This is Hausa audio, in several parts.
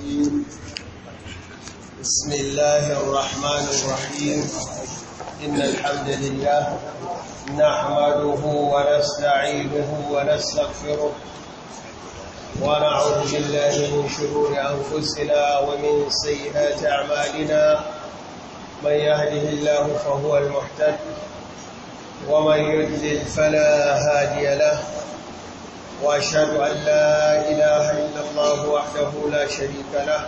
الرجيم بسم الله الرحمن الرحيم إن الحمد لله نحمده ونستعينه ونستغفره ونعوذ بالله من شرور أنفسنا ومن سيئات أعمالنا من يهده الله فهو المحتد ومن يدلل فلا هادي له وأشهد أن لا إله إلا الله وحده لا شريك له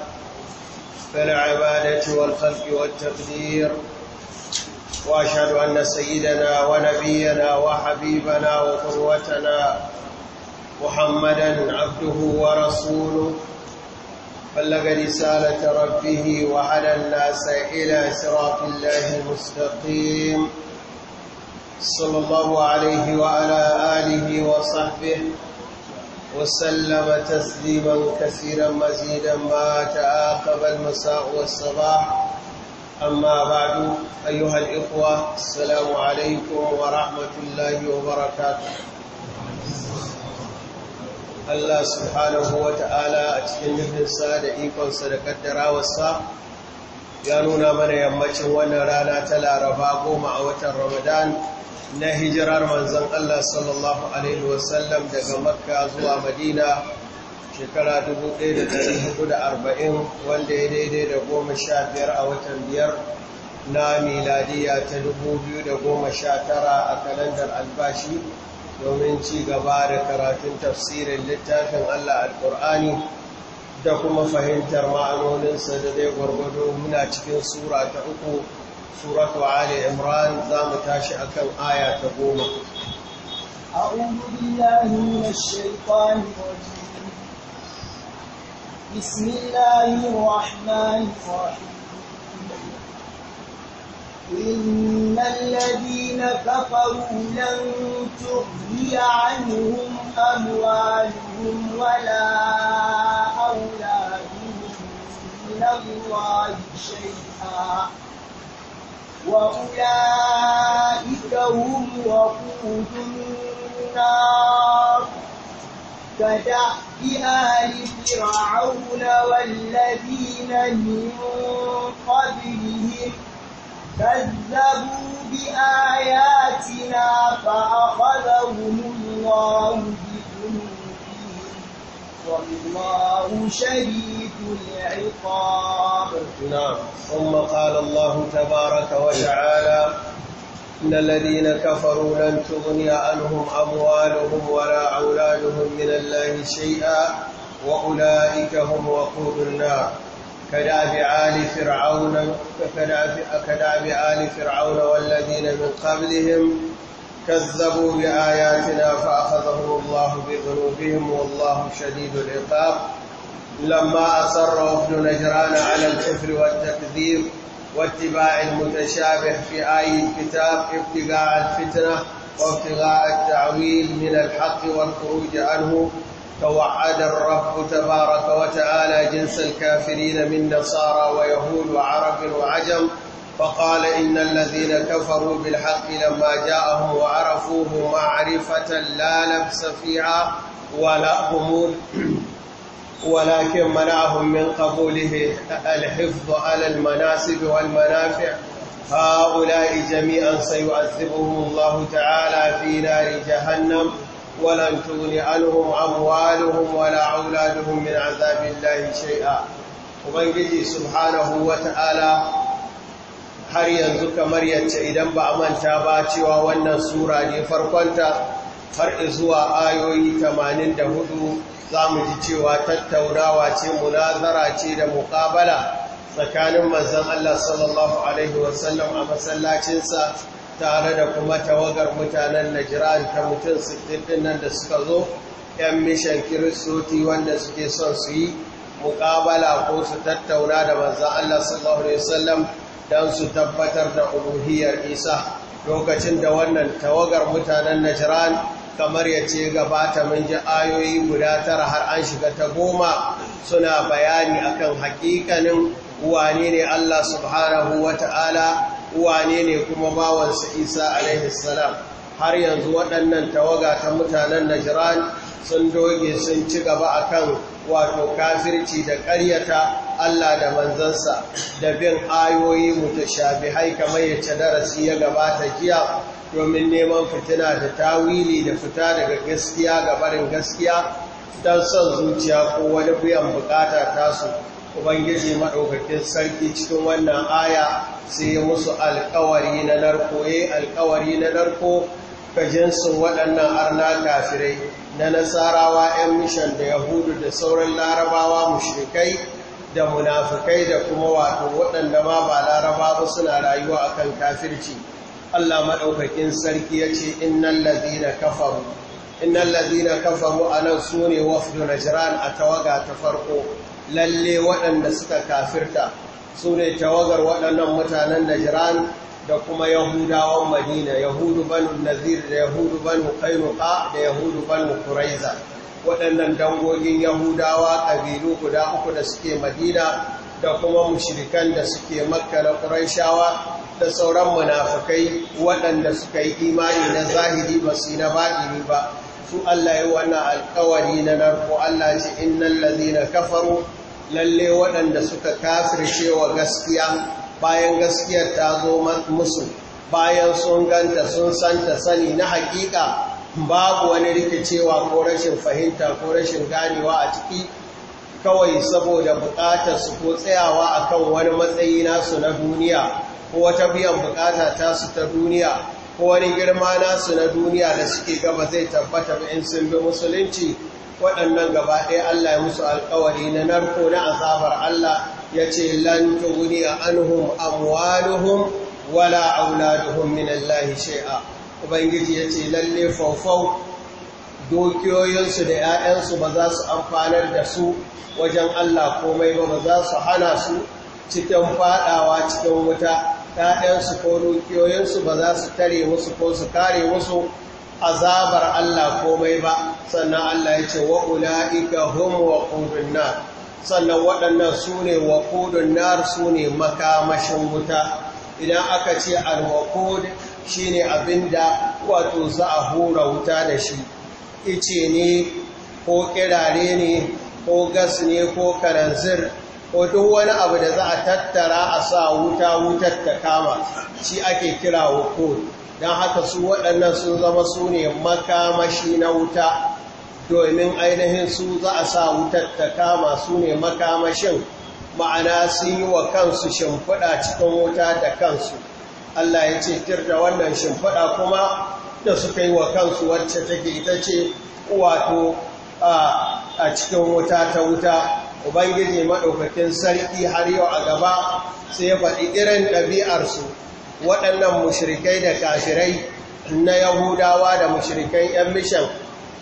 فالعبادة والخلق والتقدير وأشهد أن سيدنا ونبينا وحبيبنا وقروتنا محمدا عبده ورسوله بلغ رسالة ربه وعلى الناس إلى صراط الله المستقيم صلى الله عليه وعلى آله وصحبه وسلم تسليما كثيرا مزيدا ما تعاقب المساء والصباح أما بعد أيها الإخوة السلام عليكم ورحمة الله وبركاته Allah subhanahu wa ta'ala a cikin sa da ikonsa da kaddarawarsa ya nuna mana yammacin wannan rana ta laraba goma a watan Ramadan na hijirar manzan Allah sallallahu Alaihi wasallam daga makka zuwa madina shekara 1440 wanda ya daidai da goma sha biyar a watan biyar na miladiya ta 2019 a kalandar albashi domin ci gaba da karatun tafsirin littafin Allah al-Qur'ani da kuma fahimtar ma'anoninsa da zai gwargwado muna cikin sura ta uku سورة آل عمران زام تاشع كم آية تقوم أعوذ بالله من الشيطان الرجيم بسم الله الرحمن الرحيم إن الذين كفروا لن تغني عنهم أموالهم ولا أولادهم من الله شيئا وأولئك هم وقود النار كدأب آل فرعون والذين من قبلهم كذبوا بآياتنا فأخذهم الله والله شديد العقاب نعم ثم قال الله تبارك وتعالى إن الذين كفروا لن تغني عنهم أموالهم ولا أولادهم من الله شيئا وأولئك هم وقود النار كداب آل فرعون كداب آل فرعون والذين من قبلهم كذبوا بآياتنا فأخذهم الله بذنوبهم والله شديد العقاب لما أصر ابن نجران على الكفر والتكذيب واتباع المتشابه في آي الكتاب ابتغاء الفتنة وابتغاء التعويل من الحق والخروج عنه توعد الرب تبارك وتعالى جنس الكافرين من نصارى ويهود وعرب وعجم فقال إن الذين كفروا بالحق لما جاءهم وعرفوه معرفة لا لبس فيها ولا غمول ولكن منعهم من قبوله الحفظ على المناسب والمنافع هؤلاء جميعا سيعذبهم الله تعالى في نار جهنم ولن تغن عنهم أموالهم ولا أولادهم من عذاب الله شيئا وبنجي سبحانه وتعالى har yanzu kamar yace idan ba a manta ba cewa wannan sura ne farkonta har zuwa ayoyi 84 za mu ji cewa tattaunawa ce munazara ce da muƙabala tsakanin manzan Allah sallallahu alaihi wasallam a masallacinsa tare da kuma tawagar mutanen Najran ta mutum 60 ɗin nan da suka zo ‘yan mishan kiristoci wanda suke son su yi muƙabala ko su tattauna da manzan Allah sallallahu Alaihi wasallam don su tabbatar da uruhiyar isa lokacin da wannan tawagar mutanen najiran kamar ya ce gabata mun ji ayoyi guda tara har an shiga ta goma suna bayani akan hakikanin wane ne Allah subhanahu wa ta'ala wane ne kuma bawansa isa alaihi salam har yanzu waɗannan tawaga ta mutanen najiran sun doge sun ci gaba akan wato kafirci da ƙaryata Allah da manzansa da bin ayoyi shafi haika yace darasi ya gabata jiya domin neman fitina da tawili da fita daga gaskiya ga barin gaskiya don son zuciya ko wani biyan bukata tasu ubangiji maɗaukakin sarki cikin wannan aya sai musu alkawari na narko ya eh, alkawari na narko ga jinsin waɗannan arna kafirai na nasarawa 'yan mishan da yahudu da sauran larabawa mushrikai da munafikai da kuma wato waɗanda ma ba laraba ba suna rayuwa akan kafirci Allah maɗaukakin sarki ya ce innan lazina kafaru a nan su ne wafdu najiran a tawaga ta farko lalle waɗanda suka kafirta su ne tawagar waɗannan mutanen najiran da kuma yahudawan madina yahudu banu nazir da yahudu banu kainuka da yahudu banu kuraiza waɗannan dangogin yahudawa ƙabilu guda uku da suke madina da kuma mushirikan da suke makka na da sauran munafukai waɗanda suka yi imani na zahiri masu yi na baɗini ba su Allah yi wannan alƙawari na narko Allah ce innal na kafaru lalle waɗanda suka kafirce wa gaskiya bayan gaskiyar ta zo musu bayan sun ganta sun santa sani na hakika babu wani rikicewa ko rashin fahimta ko rashin ganewa a ciki kawai saboda bukatar su ko tsayawa kan wani matsayi nasu na duniya ko wata biyan bukata ta su ta duniya ko wani girma nasu na duniya da suke gaba zai tabbata ba in sun bi musulunci waɗannan gaba ɗaya Allah ya musu alkawari na narko na azabar Allah ya ce lantuguni a anuhun amwaluhum wala auladuhum min Allah ubangiji ya ce lalle faufau dokiyoyinsu da 'ya'yansu ba za su amfanar da su wajen Allah komai ba ba za su hana su cikin fadawa cikin wuta ‘ya'yansu ko dukiyoyinsu ba za su tare musu ko su kare musu azabar Allah komai ba sannan Allah ya ce wa'ula'ika hun wa ƙurin sannan waɗannan su ne waƙudun nar su ne makamashin wuta idan aka ce alwakud shi ne abin da wato za a hura wuta da shi ice ne ko ƙirare ne ko gas ne ko karanzir ko duk wani abu da za a tattara a sa wuta wutar ta kama shi ake kira wakud don haka su waɗannan sun zama su ne makamashi na wuta domin ainihin su za a sa wutar ta kama su ne makamashin ma'ana su yi wa kansu shimfiɗa cikin wuta da kansu Allah ya ce da wannan shimfiɗa kuma da suka yi wa kansu wacce take ita ce wato a cikin wuta ta wuta ubangiji maɗaukakin sarki har yau a gaba sai ya faɗi irin ɗabi'arsu waɗannan mushrikai da kashirai na yahudawa da mushrikan 'yan mishan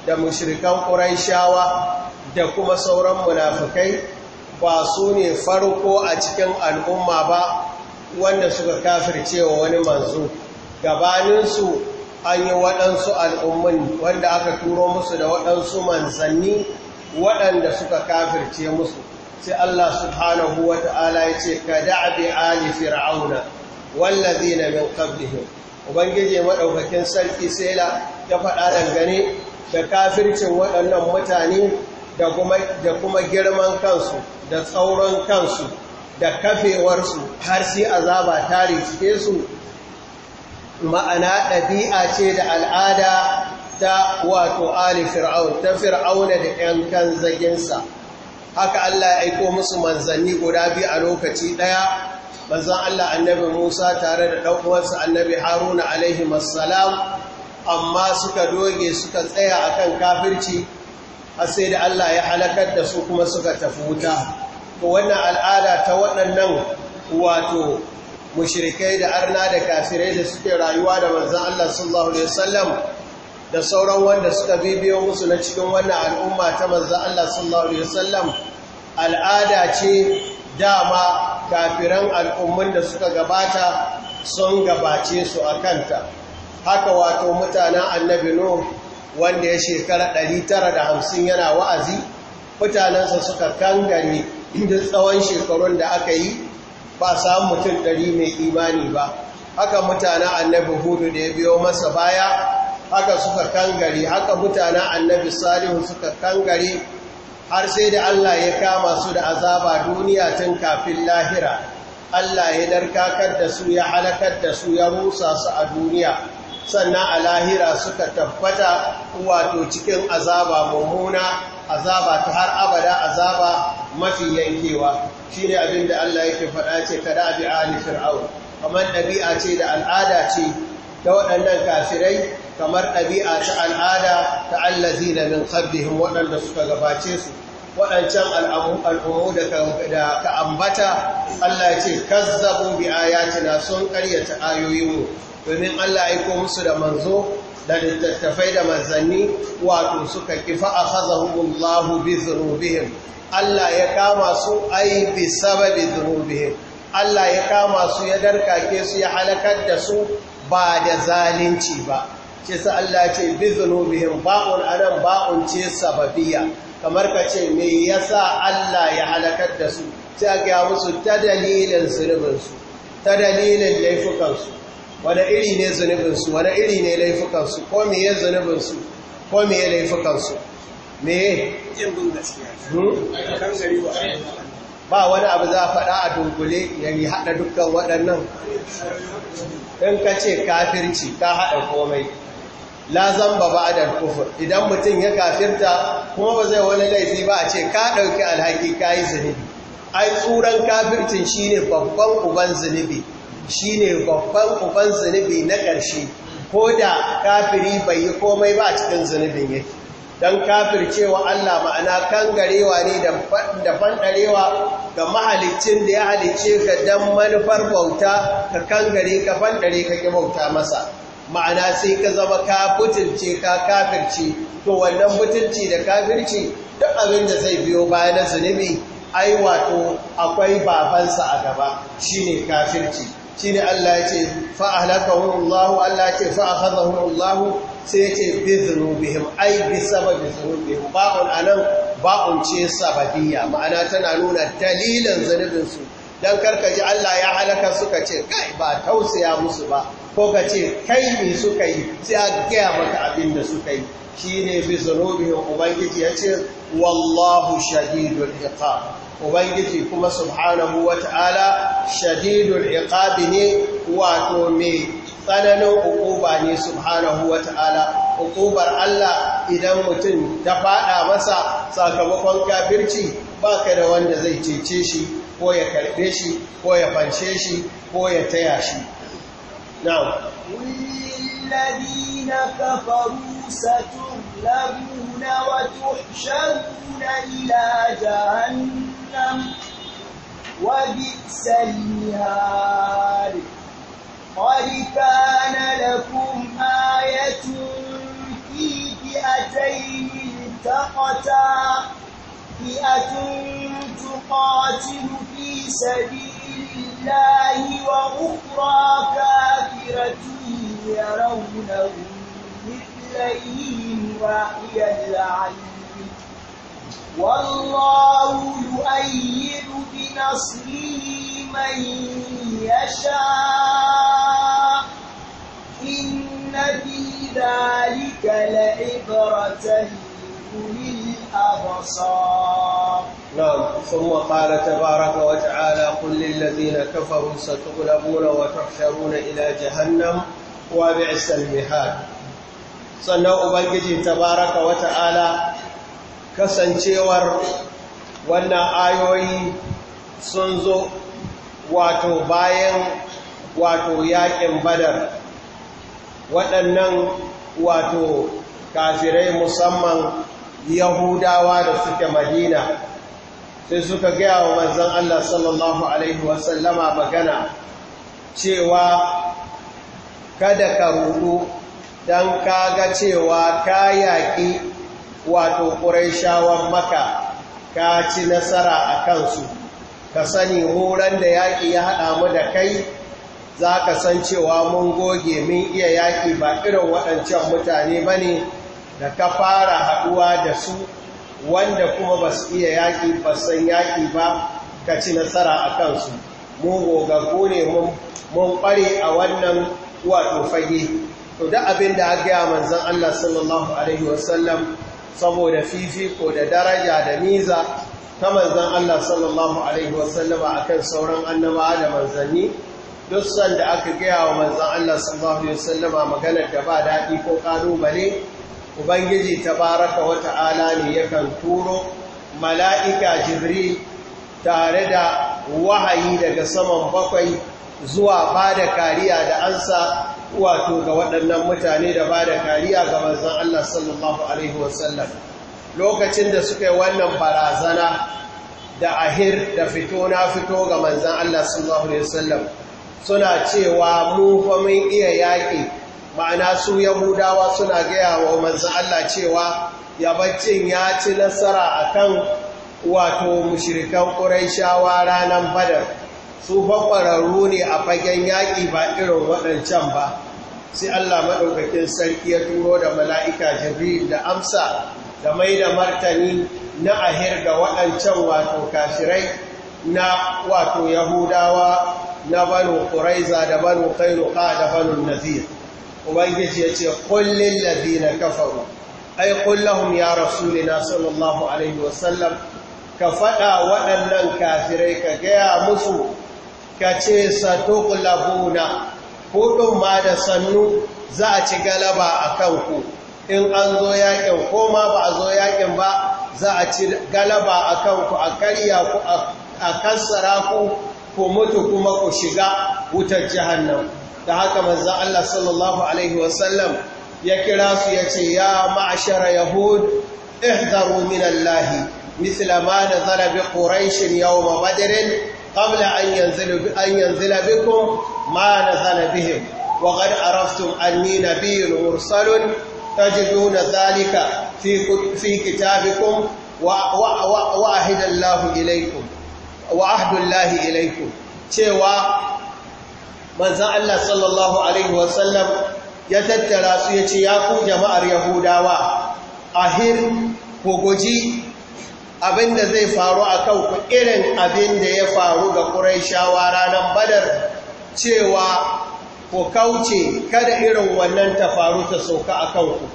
da mushrikan ƙuraishawa da kuma sauran munafukai ba su ne farko a cikin al'umma ba wanda suka kafircewa wani manzo gabaninsu an yi waɗansu al'ummin wanda aka turo musu da waɗansu manzanni waɗanda suka kafirce musu sai Allah subhanahu wa ta'ala ya ce ka da'abi ali fir'auna wallazi na min qablihim ubangije maɗaukakin sarki sela ya faɗa dangane da kafircin waɗannan mutane da kuma girman kansu da tsauron kansu da kafewarsu har sai azaba ta riske su ma'ana ɗabi'a ce da al'ada ta wato ali fir'aun ta fir'auna da ‘yan kan zaginsa haka Allah ya aiko musu manzanni guda biyu a lokaci ɗaya manzan Allah annabi Musa tare da ɗan'uwansa annabi Haruna alaihi amma suka doge suka tsaya akan kafirci har sai da Allah ya halakar da su kuma suka tafi wuta to wannan al'ada ta waɗannan wato mushrikai da arna da kafirai da suke rayuwa da manzon Allah sallallahu alaihi wasallam da sauran wanda suka bibiyo musu na cikin wannan al'umma ta manzon Allah sallallahu alaihi wasallam al'ada ce dama kafiran al'umman da suka gabata sun gabace su a kanta haka wato mutanen annabi no wanda ya shekara 950 yana wa'azi mutanensa suka kangare duk tsawon shekarun da aka yi ba samun mutum ɗari mai imani ba haka mutanen annabi hudu da ya biyo masa baya haka suka kangare haka mutanen annabi salihu suka kangare har sai da Allah ya kama su da azaba duniya tun kafin lahira Allah ya darkakar da su ya halakar da su ya rusa su a duniya sannan a lahira suka tabbata wato cikin azaba mummuna azaba ta har abada azaba mafi yankewa shi ne abin da Allah yake faɗa ce kada abi ali fir'aun kamar ɗabi'a ce da al'ada ce ta waɗannan kafirai kamar ɗabi'a ta al'ada ta allazi na min qablihim waɗanda suka gabace su waɗancan al'ummu da ka ambata Allah ce kazzabu bi ayatina sun ƙaryata ayoyinmu domin Allah ya ko musu da manzo da littattafai da manzanni wato suka kifa a khazahumullahu bi dhunubihim Allah ya kama su ai bi sababi dhunubihim Allah ya kama su ya darkake su ya halakar da su ba da zalunci ba ce sa Allah ce bi dhunubihim ba'un anan ba'un ce sababiya. kamar ka ce me yasa Allah ya halakar da su sai ga musu ta dalilin zulubinsu ta dalilin laifukansu wani iri ne zunubinsu wani iri ne laifukansu ko meye zunubinsu ko meye laifukansu meye hmm? ba wani abu za a faɗa a dunkule yanyi yi haɗa dukkan waɗannan in ka ce kafirci ka haɗa komai la zamba ba da kufur idan mutum ya kafirta kuma ba zai wani laifi ba a ce ka ɗauki alhaki ka yi zunubi ai tsuran kafircin shi ne babban uban zunubi shi ne babban uban zunubi na ƙarshe ko da kafiri bai yi komai ba cikin zunubin yake don kafircewa Allah ma'ana kangarewa ne da fanɗarewa ga mahalicin da ya halicce ka don manufar bauta ka kangare ka fanɗare ka ki bauta masa ma'ana sai ka zama ka butulce ka kafirci to wannan butulci da kafirci duk abin da zai biyo baya na zunubi ai wato akwai babansa a gaba shine kafirci shine Allah ya ce fa ahlakahum Allah Allah ya ce fa akhadhahum Allah sai ya ce bi dhunubihim ai bi sababi dhunubihim ba'un anan ba'un ce sababiyya ma'ana tana nuna dalilan zanubin su dan ka ji Allah ya halaka suka ce kai ba tausaya musu ba ko ka ce kai me suka yi sai a gaya maka abin da suka yi shine bi dhunubihim ubangiji ya ce wallahu shadidul iqab ubangiji kuma subhanahu wata'ala shadidul iqabi ne wato mai tsananin ukuba ne subhanahu ta'ala. ukubar Allah idan mutum ta fada masa sakamakon kafirci baka da wanda zai cece shi ko ya karbe shi ko ya fanshe shi ko ya taya shi na'am الذين كفروا جهنم وبئس المهاد قد كان لكم آية في فئتين التقتا فئة تقاتل في سبيل الله وأخرى كافرة يرونهم مثليهم واحيا العين والله يؤيد بنصره من يشاء إن في ذلك لعبرة لأولي الأبصار نعم ثم قال تبارك وتعالى قل للذين كفروا ستغلبون وتحشرون إلى جهنم وبعث المهاد sannan ubangiji تبارك وتعالى kasancewar wannan ayoyi sun zo wato bayan wato yaƙin badar waɗannan wato kafirai musamman yahudawa da suke madina sai suka gaya wa manzan Allah sallallahu Alaihi wasallama magana cewa kada ka rudu don ga cewa ka yaƙi wato ƙuraishawan maka ka ci nasara a kansu ka sani horon da yaƙi ya haɗa mu da kai za ka san cewa mun goge min iya yaƙi ba irin waɗancan mutane ba ne da ka fara haɗuwa da su wanda kuma ba su iya yaƙi ba san yaƙi ba ka ci nasara a kansu mu gogaggu ne mun ɓare a wannan wato fage to da abin da aka gaya manzan Allah sallallahu Alaihi wasallam saboda fifiko da daraja da miza ta manzan Allah sallallahu Alaihi wasallama a kan sauran annaba da manzanni duk sanda aka gaya wa manzan Allah sallallahu Alaihi wasallama maganar da ba daɗi ko ƙalubale Ubangiji ta baraka wata'ala ne yakan turo mala'ika jibril tare da wahayi daga saman bakwai zuwa ba da kariya da ansa wato ga waɗannan mutane da ba da kariya ga manzon Allah sallallahu alaihi wasallam lokacin da suka yi wannan barazana da ahir da fito na fito ga manzan Allah sallallahu Alaihi wasallam suna cewa mu mun iya yaƙi ma'ana su yahudawa suna gaya wa manzan Allah cewa yabaccin ya ci nasara a kan wato mushirikan ƙuraishawa ranar badar su fa ne a fagen yaƙi ba irin waɗancan ba sai Allah maɗaukakin sarki ya turo da mala'ika jibril da amsa da mai da martani na ahir ga waɗancan wato kafirai na wato yahudawa na banu ƙuraiza da banu kairuka da banu nazir ubangiji ya ce kullin ladina kafaru ai kullahum ya na sallallahu alaihi wasallam ka faɗa waɗannan kafirai ka gaya musu ka ce satuqlabuna kuɗin ma da sannu za a ci galaba a kanku in an zo yakin ko ma ba a zo yakin ba za a ci galaba a kanku a karya ku a kassara ku ku mutu kuma ku shiga wutar jahannam da haka manzo Allah sallallahu alaihi wasallam ya kira su ya ce ya ma'ashara yahud ihdaru min Allah mithla zarabin nazala yau quraish yawm badr qabla an yanzila an yanzila ma nazala bihim wa qad araftum anni nabiyyun mursalun tajiduna dhalika fi fi kitabikum wa wa wa, cewa manzo Allah sallallahu alaihi wa ya tattara su yace ya ku jama'ar yahudawa ahir ko goji abinda zai faru akan ku irin da ya faru ga quraishawa ranar badar cewa ku kauce kada irin wannan ta faru ta sauka a kanku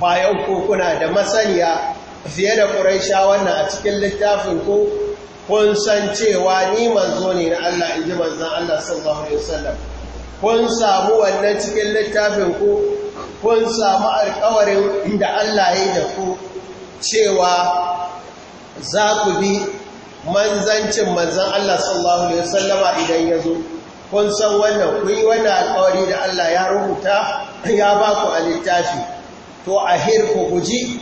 bayan ku kuna da masaniya fiye da ƙuraisha wannan a cikin littafin ku kun san cewa ni manzo ne na Allah in ji manzan Allah sallallahu Alaihi wasallam kun samu wannan cikin littafin ku kun samu alƙawarin da Allah ya yi da ku cewa za ku bi manzancin manzan Allah sallallahu Alaihi wasallama idan ya zo kun san wannan ku yi wannan alƙawari da Allah ya rubuta ya ba ku a littafi to a ku guji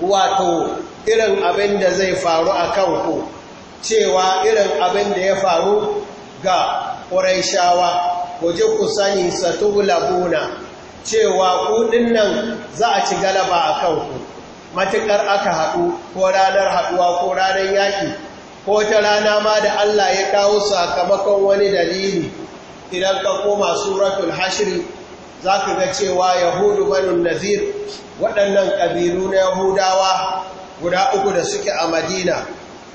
wato irin abin da zai faru a kanku cewa irin abin da ya faru ga ƙuraishawa guji ku sani satulabuna cewa kuɗin nan za a ci galaba a kanku matuƙar aka haɗu ko ranar haɗuwa ko ranar yaƙi ko ta rana ma da Allah ya kawo sakamakon wani dalili idan ka koma suratul hashri za ka ga cewa yahudu Manun nazir waɗannan ƙabilu na yahudawa guda uku da suke a madina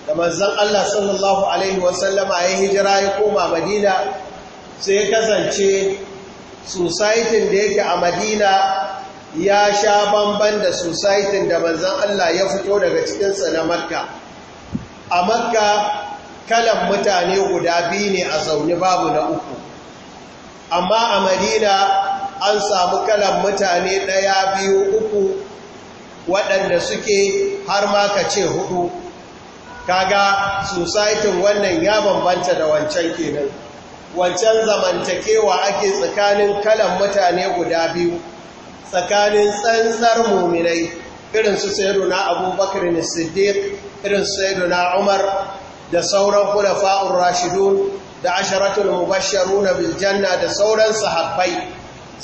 da manzan Allah sallallahu Alaihi wasallama ya hijira ya koma madina sai kasance societin da yake a madina ya sha bamban da societin da manzan Allah ya fito daga cikinsa na makka a makka kalan mutane guda biyu ne a zaune babu na uku amma a madina an samu kalan mutane ɗaya biyu uku waɗanda suke har ma ka ce hudu kaga societin wannan ya bambanta da wancan kenan wancan zamantakewa ake tsakanin kalan mutane guda biyu tsakanin tsantsar muminai irin su na abubakar ne siddiq irin su na umar da sauran khulafa'ur rashidun da asharatul mubashsharuna bil da sauran sahabbai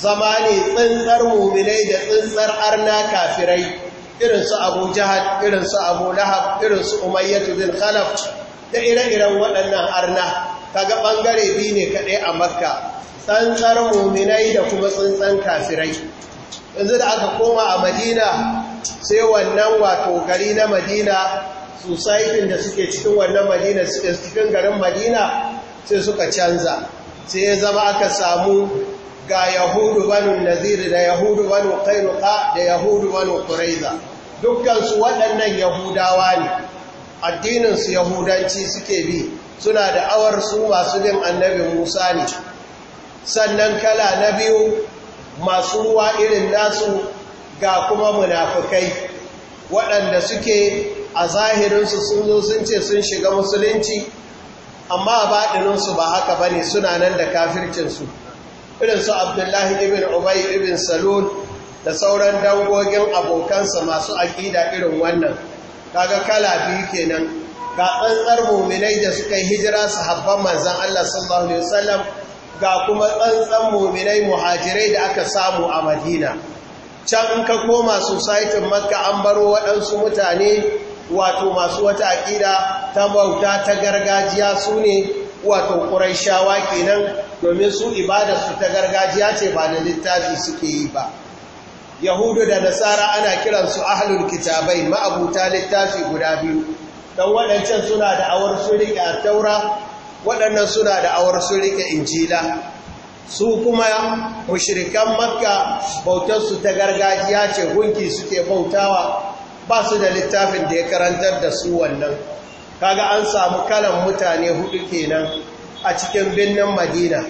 zama ne tsintsar mu'minai da tsintsar arna kafirai irin su abu irin su abu lahab irin su umayyatu bin khalaf da ire-iren waɗannan arna kaga ɓangare biyu ne kaɗai a makka tsintsar mu'minai da kuma tsintsan kafirai yanzu da aka koma a madina sai wannan wato gari na madina society da suke cikin wannan madina suke cikin garin madina sai suka canza sai ya zama aka samu ga yahudu banu naziri da yahudu banu Kairuka, da yahudu banu kuraiza dukkansu waɗannan yahudawa ne addininsu yahudanci suke bi suna da awar su masu bin annabi musa ne sannan kala na biyu masu ruwa irin nasu ga kuma munafukai waɗanda suke a zahirinsu sun zo sun ce sun shiga musulunci amma baɗininsu ba haka ba ne suna nan da kafircinsu irinsu abdullahi ibn ubai ibn salon da sauran dangogin abokansa masu aƙida irin wannan kaga kala biyu kenan ga tsantsar muminai da suka yi hijira su habban manzan Allah sallallahu alaihi wasallam ga kuma tsantsan muminai muhajirai da aka samu a Madina can ka koma societin makka an baro waɗansu mutane wato masu wata aƙida ta bauta ta gargajiya su ne wato ƙuraishawa kenan domin su ibadarsu ta gargajiya ce ba da littafi suke yi ba yahudu da nasara ana kiransu ahalun kitabai ma'abuta littafi guda biyu don waɗancan suna da awar su riƙe a taura waɗannan suna da awar su riƙe injila su kuma mushirikan makka bautarsu ta gargajiya ce gunki suke bautawa ba su da littafin da ya karantar da su wannan kaga an samu kalan mutane hudu kenan a cikin birnin madina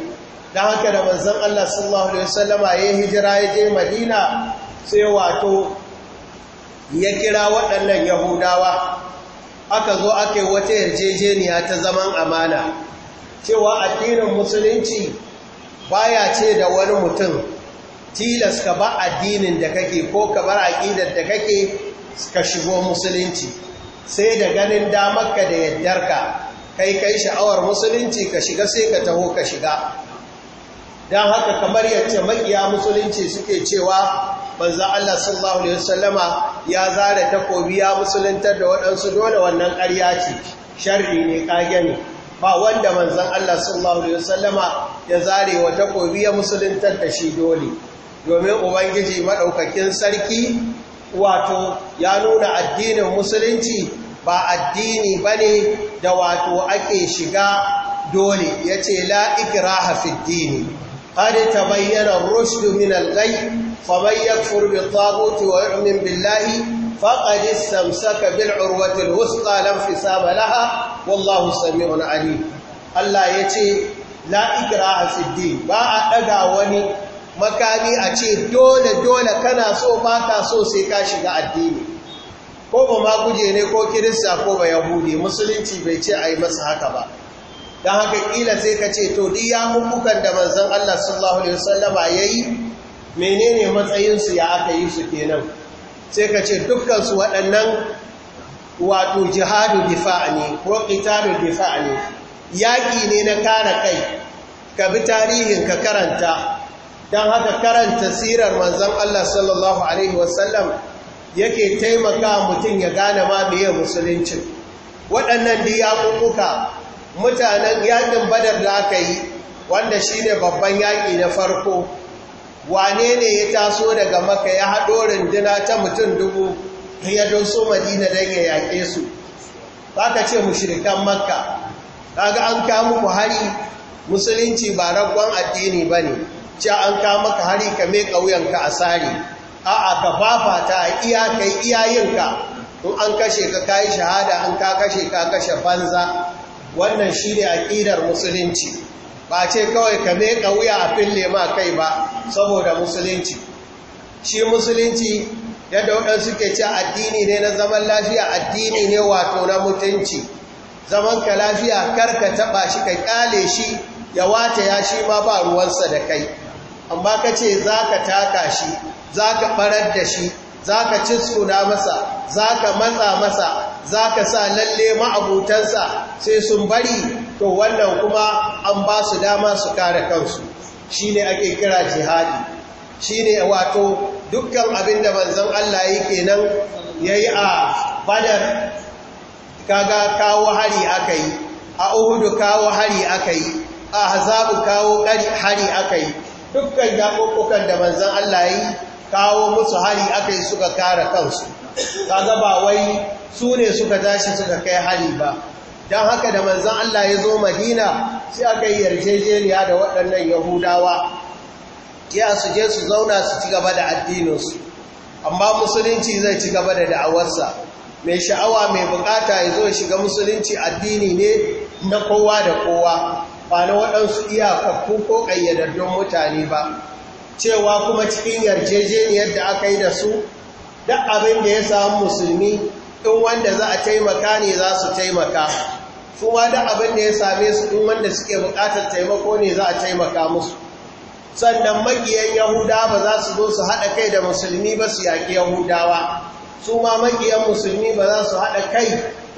don haka da manzan allah sallallahu alaihi wasallama ya yi hijira ya je madina sai wato ya kira waɗannan yahudawa aka zo aka wata yarjejeniya ta zaman amana cewa addinin musulunci baya ce da wani mutum tilas ka ba addinin da kake ko ka bar aƙidar da kake ka shigo musulunci sai da ganin damar ka da ka kai kai sha'awar musulunci ka shiga sai ka taho ka shiga don haka kamar yadda makiya musulunci suke cewa manzo Allah sallallahu alaihi wasallama ya zare takobi ya musuluntar da waɗansu dole wannan ƙarya ce sharri ne kage ne ba wanda manzan Allah sallallahu alaihi wasallama ya zare wa takobi ya musuluntar da shi dole domin ubangiji maɗaukakin sarki wato ya nuna addinin musulunci ba addini bane da wato ake shiga dole yace la ikraha fid dini qad ta bayyana rushd min al'ai, ghayy faman yakfur bit wa yu'min billahi faqad istamsaka bil-urwati al-wuthqa lam laha wallahu sami'un alim Allah ya ce la ikraha fid ba a ɗaga wani makami a ce dole dole kana so ba ka so sai ka shiga addini ko ba ma guje ne ko kirista ko ba yahudi musulunci bai ce a yi masa haka ba don haka ƙila sai ka ce to di ya mummukan da manzan Allah sallallahu alaihi wasallama ya yi menene matsayinsu ya aka yi su kenan sai ka ce su waɗannan wato jihadu difa ne ko da difa ne yaƙi ne na kare kai ka bi tarihin ka karanta don haka karanta sirar manzon Allah sallallahu alaihi wasallam yake taimaka mutum ya gane ma meye musulunci waɗannan diyakukuka mutanen yaƙin badar da aka yi wanda shi ne babban yaƙi na farko wane ne ya taso daga maka ya haɗo runduna ta mutum dubu ya so madina don ya yaƙe su ba ka ce mushirikan makka ga an kamu ku hari musulunci ba ragon addini ba ne ce an kama ka hari ka mai wuyanka a tsari a'a ka fafata iyakai iyayenka in an kashe ka kayi shahada an ka kashe ka kashe banza wannan shi ne aƙidar musulunci ba ce kawai ka mai ƙauya a fille ma kai ba saboda musulunci shi musulunci yadda waɗansu ke ce addini ne na zaman lafiya addini ne wato na mutunci zaman ka lafiya karka taɓa shi ka ƙyale shi ya wata ya shi ma ba ruwansa da kai amma ka ce za ka taka shi za ka ɓarar da shi za ka ciskuna masa za ka matsa masa za ka sa lalle ma'abutansa sai sun bari to wannan kuma an ba su dama su kare kansu shi ne ake kira jihadi Shi ne wato dukkan abin da manzon Allah yi kenan yi a Badar kaga kawo hari akai a uhudu kawo hari akai a hazabu kawo hari akai dukkan gakokokan da manzan Allah yi kawo musu hari akai suka kara kansu kaga ba wai su ne suka tashi suka kai hari ba don haka da manzan Allah ya zo madina sai aka yi yarjejeniya da waɗannan yahudawa ya su je su zauna su ci gaba da addininsu amma musulunci zai ci gaba da da'awarsa mai sha'awa mai bukata ya zo shiga musulunci addini ne na kowa da kowa ba na waɗansu iyakakku ko ƙayyadaddun mutane ba cewa kuma cikin yarjejeniyar da aka yi da su duk abin da ya samu musulmi in wanda za a taimaka ne za su taimaka su ma duk abin da ya same su in wanda suke bukatar taimako ne za a taimaka musu sannan makiyan Yahuda ba za su zo su haɗa kai da musulmi ba su yaƙi yahudawa su ma magiyan musulmi ba za su haɗa kai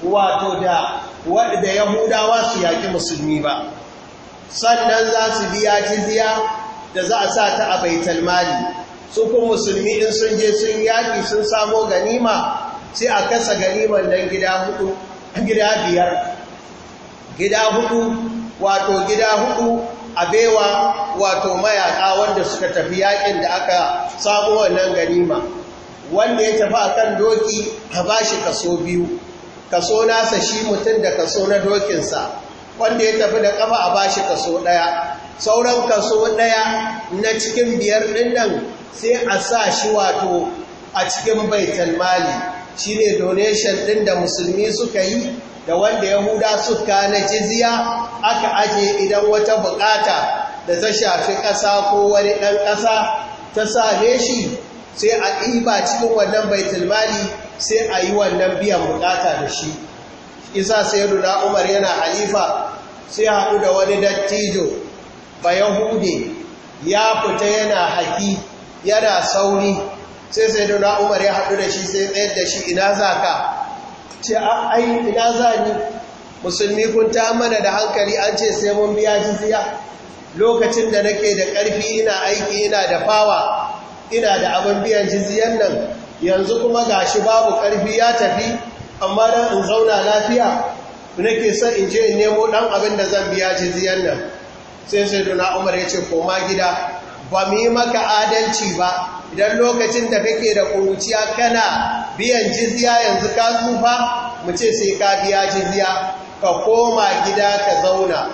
wato da waɗanda yahudawa su yaƙi musulmi ba sannan za su biya jiziya da za a sa ta a baitul mali su kuma musulmi in sun je sun yaƙi sun samo ganima sai a kasa ganiman nan gida hudu gida biyar gida hudu wato gida hudu a bewa wato mayaka wanda suka tafi yakin da aka samu wannan ganima wanda ya tafi akan doki a bashi kaso biyu kaso nasa shi mutum da kaso na dokinsa wanda ya tafi da kafa a bashi kaso ɗaya, sauran kaso ɗaya na cikin biyar ɗinnan, sai a sa shi wato a cikin baitan mali shi ne donation ɗin da musulmi suka yi da wanda ya huda suka na jiziya aka aje idan wata bukata da ta shafi ƙasa ko wani ɗan ƙasa ta same shi sai a ɗiba cikin wannan bai baitulmali sai a yi wannan biyan bukata da shi isa sai runa umar yana halifa sai haɗu da wani dattijo ba yahude ya fita yana haƙi yana sauri sai sai runa umar ya haɗu da shi sai tsayar da shi ina za ka ce ai ina za ni musulmi kun ta mana da hankali an ce sai mun biya jiziya. lokacin da nake da ƙarfi ina aiki ina da fawa ina da abin biyan jiziyar nan yanzu kuma gashi babu ƙarfi ya tafi amma dan in zauna lafiya nake son in je in nemo dan abin da zan biya jiziyar nan sai sai dona umar ya ce koma gida ba mu yi maka adalci ba idan lokacin da kake da ƙuruciya kana biyan jizya yanzu ka tsufa mu ce sai ka biya jizya ka koma gida ka zauna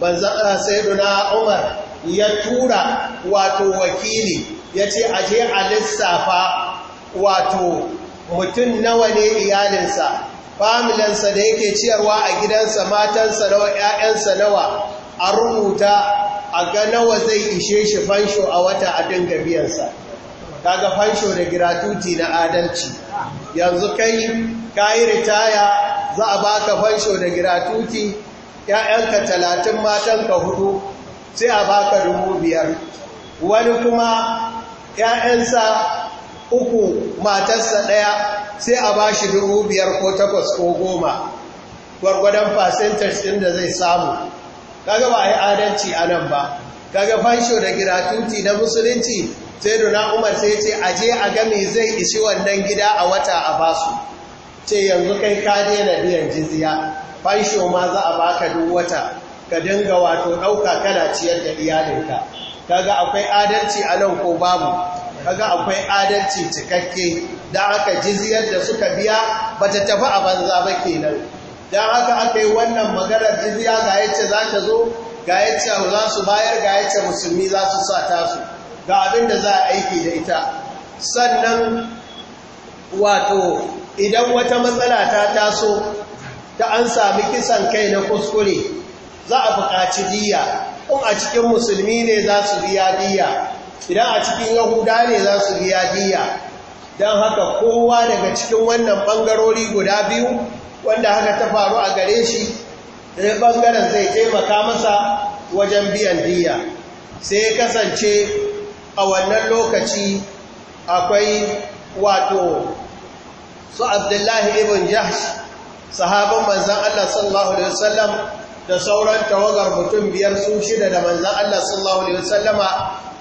banzan sayyiduna umar ya tura wato wakili ya ce a je a lissafa wato mutum nawa ne iyalinsa familinsa da yake ciyarwa a gidansa matansa nawa ‘ya'yansa nawa a rubuta a ga nawa zai ishe shi fansho a wata a dinga biyansa kaga fansho da giratuti na adalci yanzu kai kayi ritaya za a baka fansho da giratuti 'Ya'yanka talatin matanka hudu sai a baka dubu biyar wani kuma ‘ya'yansa uku matarsa ɗaya sai a ba shi dubu biyar ko takwas ko goma gwargwadon fasentar ɗin da zai samu kaga ba ai adalci anan ba kaga fansho da giratuti na musulunci sai dona umar sai ce aje a ga me zai ishi wannan gida a wata a basu ce yanzu kai ka daina biyan jizya fansho ma za a baka duk wata ka dinga wato ɗauka kana ciyar da iyalinka kaga akwai adalci a nan ko babu kaga akwai adalci cikakke da aka jiziyar da suka biya bata tafi a banza ba kenan don haka aka yi wannan maganar jiziya ga yace za ta zo ga yace za su bayar ga musulmi za su sa tasu ga abin da za a aiki da ita sannan wato idan wata matsala ta taso ta an sami kisan kai na kuskure za a buƙaci diya in a cikin musulmi ne za su biya diya idan a cikin yahuda ne za su biya diya don haka kowa daga cikin wannan ɓangarori guda biyu wanda haka ta faru a gare shi da ɓangaren zai taimaka masa wajen biyan diya sai kasance a wannan lokaci akwai wato su abdullahi ibn jahsh sahabin manzan Allah sallallahu alaihi wasallam da sauran tawagar mutum biyar su shida da manzan Allah sallallahu alaihi wasallama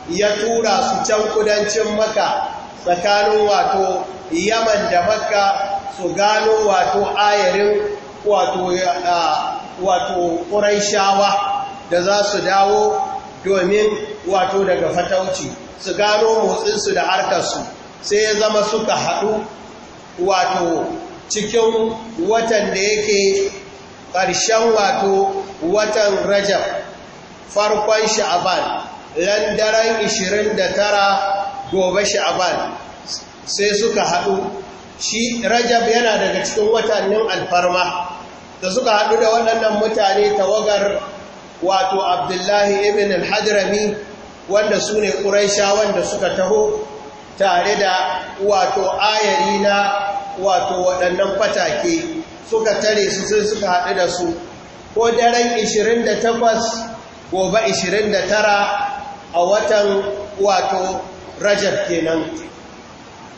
ya tura su can kudancin maka tsakanin wato yaman da makka su gano wato ayarin wato wato ƙuraishawa da za su dawo domin wato daga fatauci su gano motsinsu da harkarsu sai ya zama suka haɗu wato cikin watan da yake ƙarshen wato watan rajab farkon sha'aban da 29 gobe sha'aban sai suka haɗu shi rajab yana daga cikin watannin alfarma da suka haɗu da waɗannan mutane tawagar wato abdullahi ibn al-hadrami wanda su ne ƙuraisha wanda suka taho tare da wato ayari na wato waɗannan fatake suka tare su sun suka haɗu da su ko daren 28 gobe 29 a watan wato rajab kenan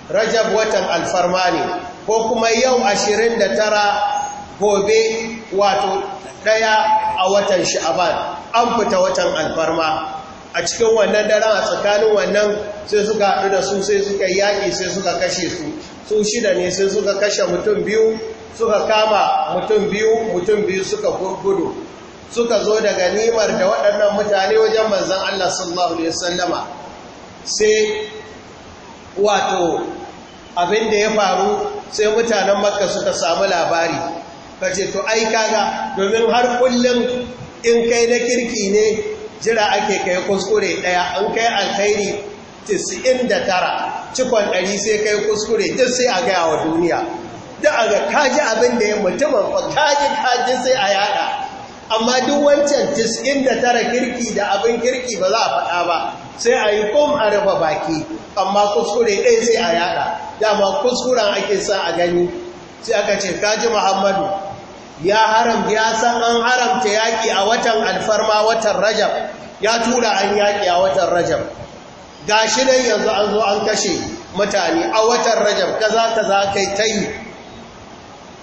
rajab watan alfarma ne ko kuma yau ashirin da tara gobe wato ɗaya a watan sha'aban an fita watan alfarma a cikin wannan daren a tsakanin wannan sai suka haɗu da su sai suka yaƙi sai suka kashe su su shida ne sai suka kashe mutum biyu suka kama mutum biyu mutum biyu suka gudu suka zo daga nimar da waɗannan mutane wajen manzan Allah sallallahu Alaihi sai wato abin da ya faru sai mutanen makka suka samu labari ka ce to ai kaga domin har kullum in kai na kirki ne jira ake kai kuskure ɗaya an kai alkhairi 99 cikon 100 sai kai kuskure duk sai a gaya wa duniya duk a ga kaji abin da ya mutumin ko kaji kaji sai a yada amma duk wancan tara, kirki da abin kirki ba za a faɗa ba sai a yi kom a rufe baki amma kuskure ɗaya sai a yada dama kuskuren ake sa a gani sai aka ce kaji muhammadu ya haram ya san an haramta yaƙi a watan alfarma watan rajab ya tura an yaƙi a watan rajab ga shi ne yanzu an zo an kashe mutane a watan rajab kaza ka yi ta yi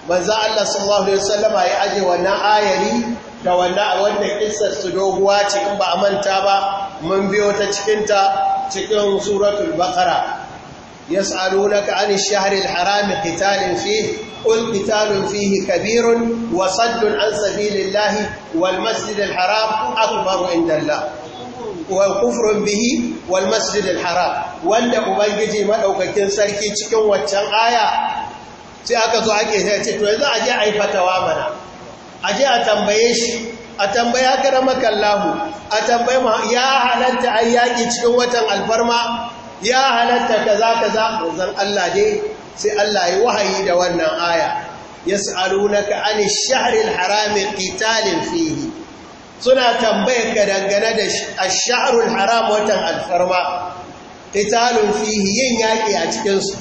manzo Allah sallallahu alaihi wasallama ya aje wannan ayari Da wanda a wanda kisar su doguwa ce ba a manta ba mun biyo ta cikinta cikin suratul bakara ya tsaro na ka'ani shaharil harami kitalin fi ƙul kitalin fi kabirun wasannin an sabilin lahi haram akubaru indalla walkufurin bihi walmasjidin haram wanda ubangiji maɗaukakin sarki cikin waccan aya sai aka zo ake sai ce to yanzu a je a yi fatawa mana a je a tambaye shi a tambaya karamakan lahu a ma ya halatta a yaƙi cikin watan alfarma ya halatta kaza kaza zan Allah dai sai Allah ya wahayi da wannan aya yas'alunaka ani shahril harami ƙitalin fihi suna tambayar ka dangane da a shahrul haram watan alfarma ƙitalin fihi yin yaƙi a cikinsu. su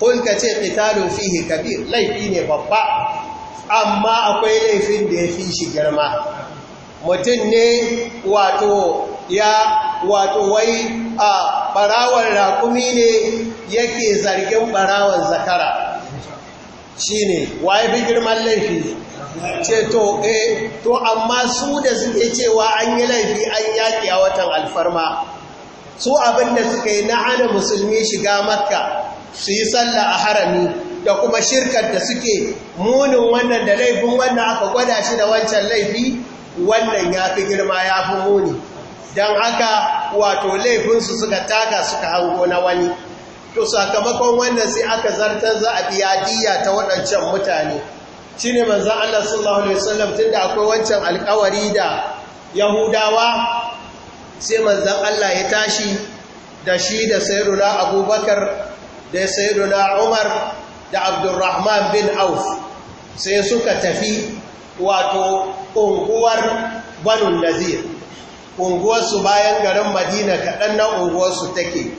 kun ce ƙitalin fihi kabir laifi ne babba amma akwai laifin da ya fi shi girma mutum ne wato ya wato wai a barawar rakumi ne yake zargin barawar zakara shi ne waye fi girman laifi ce to eh to amma su da suke cewa an yi laifi an yaƙi a watan alfarma su abinda suka yi na hana musulmi shiga makka su yi sallah a harami da kuma shirkar da suke munin wannan da laifin wannan aka gwada shi da wancan laifi wannan ya fi girma ya fi muni don haka wato laifinsu suka taka suka hango na wani to sakamakon wannan sai aka zartar za a biya diya ta waɗancan mutane shi ne manzan Allah sallallahu Alaihi wasallam tun da akwai wancan alkawari da yahudawa sai manzan Allah ya tashi da shi da sayaruna abubakar da sayaruna umar da abdurrahman bin auf sai suka tafi wato unguwar banun nazir unguwarsu bayan garin madina kaɗan na unguwarsu take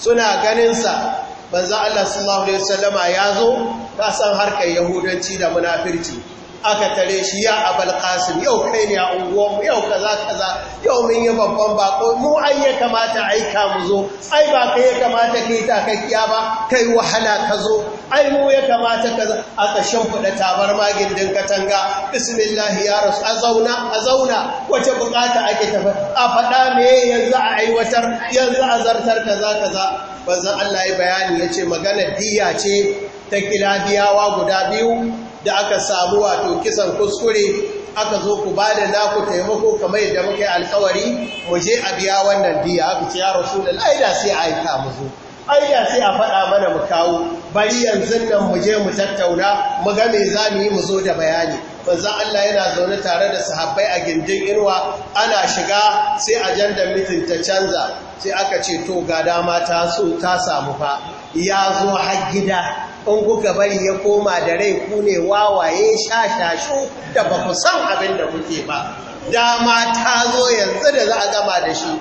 suna ganinsa banza Allah sallallahu Alaihi wasallama ya zo ta san harkar yahudanci da munafirci aka tare shi ya abal qasim yau kai ne a unguwarmu yau kaza kaza yau mun yi babban bako mu ai ya kamata aika mu zo ai ba kai ya kamata kai ta takakkiya ba kai wahala ka zo ai mu ya kamata ka aka tabar tabarma gindin katanga bismillah ya rasu a zauna wace bukata ake tafi a faɗa me yanzu a aiwatar yanzu a zartar kaza kaza bazan Allah ya bayani ya ce magana diya ce ta kilabiyawa guda biyu da aka samu wato kisan kuskure aka zo ku ba da naku taimako kamar yadda muka yi alkawari mu je a biya wannan diya aka ce ya rasu da laida sai aika mu zo ai sai a faɗa mana mu kawo bari yanzu nan mu je mu tattauna mu ga me za mu yi mu zo da bayani manzon Allah yana zaune tare da sahabbai a gindin inuwa ana shiga sai ajandar mitin ta canza sai aka ce to ga dama ta so ta samu fa ya zo har gida in kuka bari ya koma da rai ku ne wawaye shashashu da ba ku san abin da kuke ba dama ta zo yanzu da za a gama da shi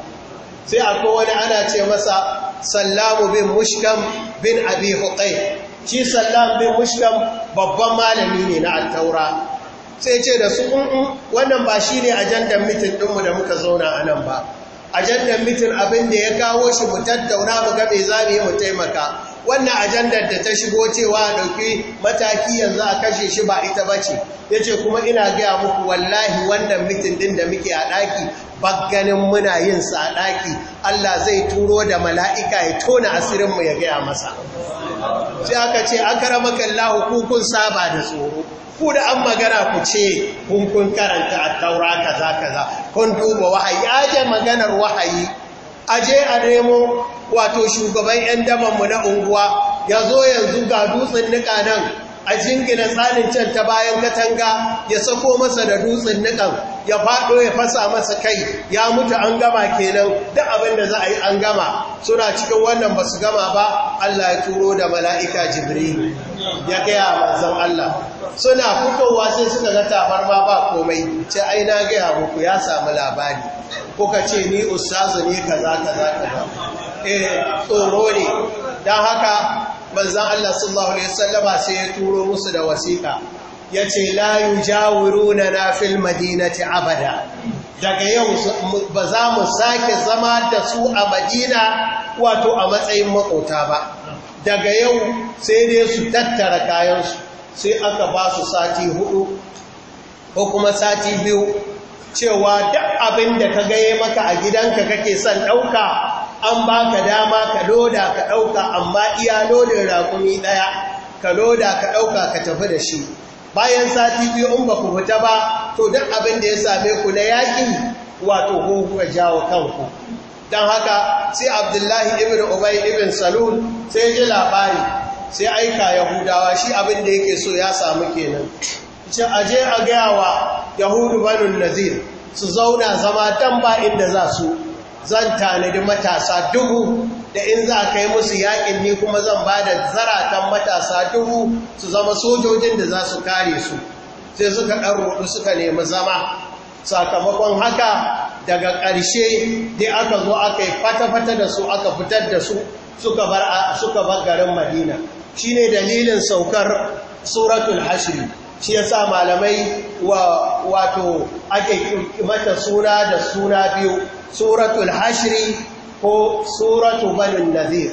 sai akwai wani ana ce masa sallamu bin mushkam bin abi huqay shi sallam bin mushkam babban malami ne na al-taura sai ce da su un'un mm, mm, wannan ba shi ne ajandar mitin ɗinmu da muka zauna a nan ba ajandar mitin abin da ya kawo shi mu tattauna mu ga mai za mu yi mu taimaka wannan ajandar da ta shigo cewa a ɗauki mataki yanzu a kashe shi ba ita bace yace kuma ina gaya muku wallahi wannan mitin din da muke a daki bagganin muna yin sa a daki Allah zai turo da mala'ika ya tona asirin mu ya gaya masa sai aka ce akramakallahu ku kun saba da tsoro ku da an magana ku ce kun kun karanta a taura kaza kaza kun duba wahayi aje maganar wahayi aje a nemo wato shugaban 'yan damanmu na unguwa ya zo yanzu ga dutsen nika nan a jingina tsanin can ta bayan katanga ya sako masa da dutsen nikan ya faɗo ya fasa masa kai ya mutu an gama kenan da abin da za a yi an gama suna cikin wannan ba su gama ba Allah ya turo da mala'ika jibril ya gaya manzan Allah suna fitowa sai suka ga ma ba komai ce ai na gaya muku ya samu labari kuka ce ni ustazu ne kaza kaza kaza tsoro ne don haka manzan Allah sallallahu Alaihi wasallama sai ya turo musu da wasiƙa ya ce layu jawuru na fil, madina, madinati abada daga yau ba za mu sake zama da su a madina wato a matsayin makota ba daga yau sai dai su tattara kayansu sai aka ba su sati hudu ko kuma sati biyu cewa duk abin da ka gaye maka a gidanka kake son ɗauka an baka dama ka loda ka ɗauka amma iya lodin raƙumi ɗaya ka loda ka ɗauka ka tafi da shi bayan sati biyu in ba ku fita ba to duk abin da ya same ku na yaƙin, wato ku kuka jawo kanku don haka sai abdullahi ibn ubai ibn Salun sai ji labari sai aika yahudawa shi abin da yake so ya samu kenan ce je a gaya wa yahudu banun nazir su zauna zama tamba inda za su zan tanadi matasa dubu da in za ka yi musu yaƙin ni kuma zan ba da zaratan matasa dubu su zama sojojin da za su kare su sai suka ɗan suka nemi zama sakamakon haka daga ƙarshe dai aka zo aka yi fata-fata da su aka fitar da su suka bar garin madina shi ne dalilin saukar suratul hashiri shi ya sa malamai wa wato ake mata sura da suna biyu suratul hashiri ko suratu banin nazir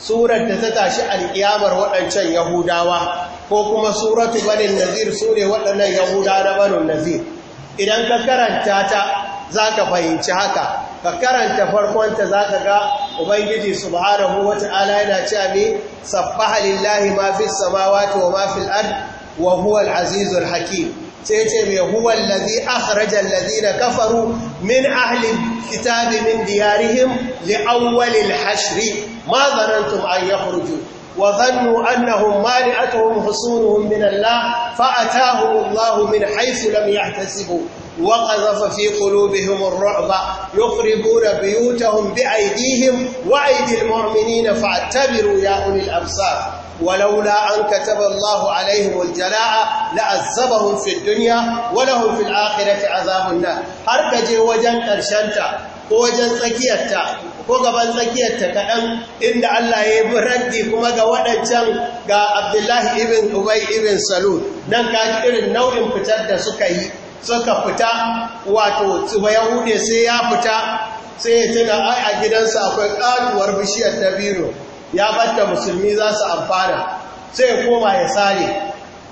surar da ta tashi alkiyamar waɗancan yahudawa ko kuma suratu banin nazir su ne waɗannan yahuda na banin nazir idan ka karanta ta za ka fahimci haka ka karanta farkonta za ka ga ubangiji subhanahu wata'ala yana cewa ne sabbaha lillahi ma fi ta wa ma fil wa huwa azizul hakim sai ce mai huwal ladhi akhraja alladhina kafaru min ahli kitabi min diyarihim li awwal al-hashr ma dhanantum an yakhruju wa zannu annahum mani'atuhum husunuhum min Allah fa ataahum Allah min haythu lam yahtasibu wa qadhafa fi qulubihim ar-ru'ba yukhribuna buyutahum bi aidihim wa aidil al-mu'minina fa'tabiru ya ulil absar ولولا أن كتب الله عليهم الجلاء لعذبهم في الدنيا ولهم في الآخرة عذاب النار هركجي وجن أرشنت وجن سكيت ko gaban tsakiyarta kaɗan inda Allah ya yi raddi kuma ga waɗancan ga Abdullahi ibn Ubay ibn Salul nan ka irin nau'in fitar da suka yi suka fita wato tsuba hude sai ya fita sai ya tuna ai a gidansa akwai ƙatuwar bishiyar biro. ya fata musulmi za su amfana sai ya koma ya sare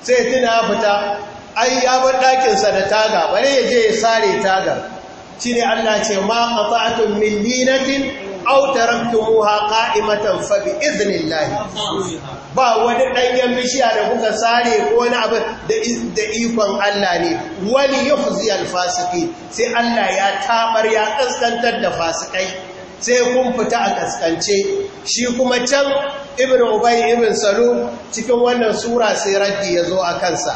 sai ya tuna ya fita ai ya bar ɗakinsa da taga bare ya je ya sare taga. shi allah ce ma a fa'atun min dinatin au taraktuha qa'imatan fa bi iznillah ba wani ɗanyen bishiya da kuka sare ko wani abu da ikon Allah ne wali yufzi al-fasiqi sai Allah ya tabar ya kaskantar da fasikai sai kun fita a kaskance shi kuma can ibn ubay ibn salu cikin wannan sura sai raddi ya zo a kansa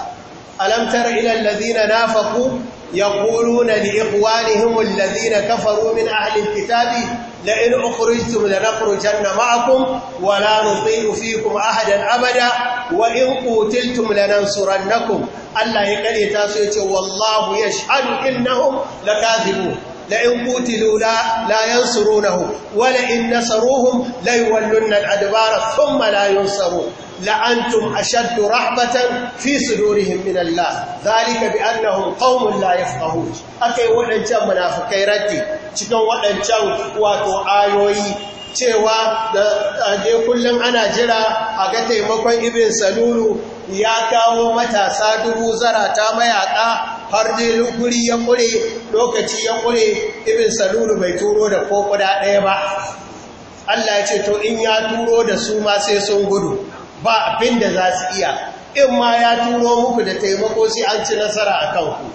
alam tara ila allazina nafaqu yaquluna li ikhwanihim allazina kafaru min ahli alkitabi la in ukhrijtum lanakhrujanna ma'akum wa la nuti'u fiikum ahadan abada wa in qutiltum lanansurannakum Allah ya kare ta so yace wallahu yashhadu innahum lakathibun لئن قتلوا لا, لا ينصرونه ولئن نصروهم ليولن الأدبار ثم لا ينصرون لأنتم أشد رحمة في صدورهم من الله ذلك بأنهم قوم لا يفقهون أكي وأنشان منافقي ردي cikin waɗancan wato ayoyi cewa da ɗage kullum ana jira a ga taimakon ibin salulu ya kawo matasa dubu zarata mayaƙa har ne lukuri ya ƙure lokaci ya ƙure ibin salulu bai turo da ko ƙuda ɗaya ba Allah ya ce to in ya turo da su ma sai sun gudu ba abin da za su iya in ma ya turo muku da taimako sai an ci nasara a kanku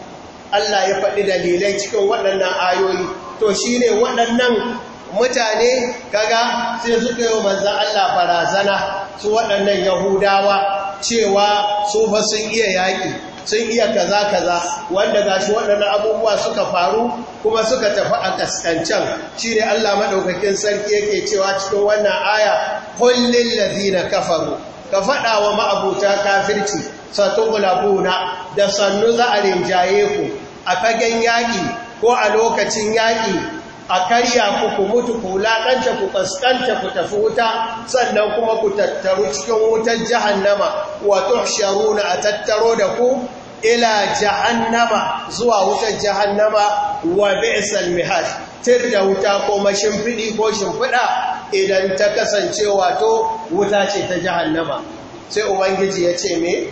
Allah ya faɗi dalilai cikin waɗannan ayoyi to shi ne waɗannan mutane kaga sai suka yi wa manzan Allah barazana su waɗannan yahudawa cewa su ba sun iya yaƙi sun iya kaza kaza wanda gashi waɗannan abubuwa suka faru kuma suka tafi a kaskancan ne Allah maɗaukakin sarki yake cewa cikin wannan aya kullin lazina kafaru ka faɗa wa ma'abuta kafirci satughlabuna da sannu za a rinjaye ku a fagen yaƙi ko a lokacin yaƙi a karya ku ku mutu ku wulaƙanta ku ƙasƙanta ku tafi wuta sannan kuma ku tattaru cikin wutar jahannama wato sharuna a tattaro da ku ila jahannama zuwa wutar jahannama wa bi'sal mihad tir da wuta ko mashin fiɗi ko shimfiɗa idan ta kasance wato wuta ce ta jahannama sai ubangiji ya ce me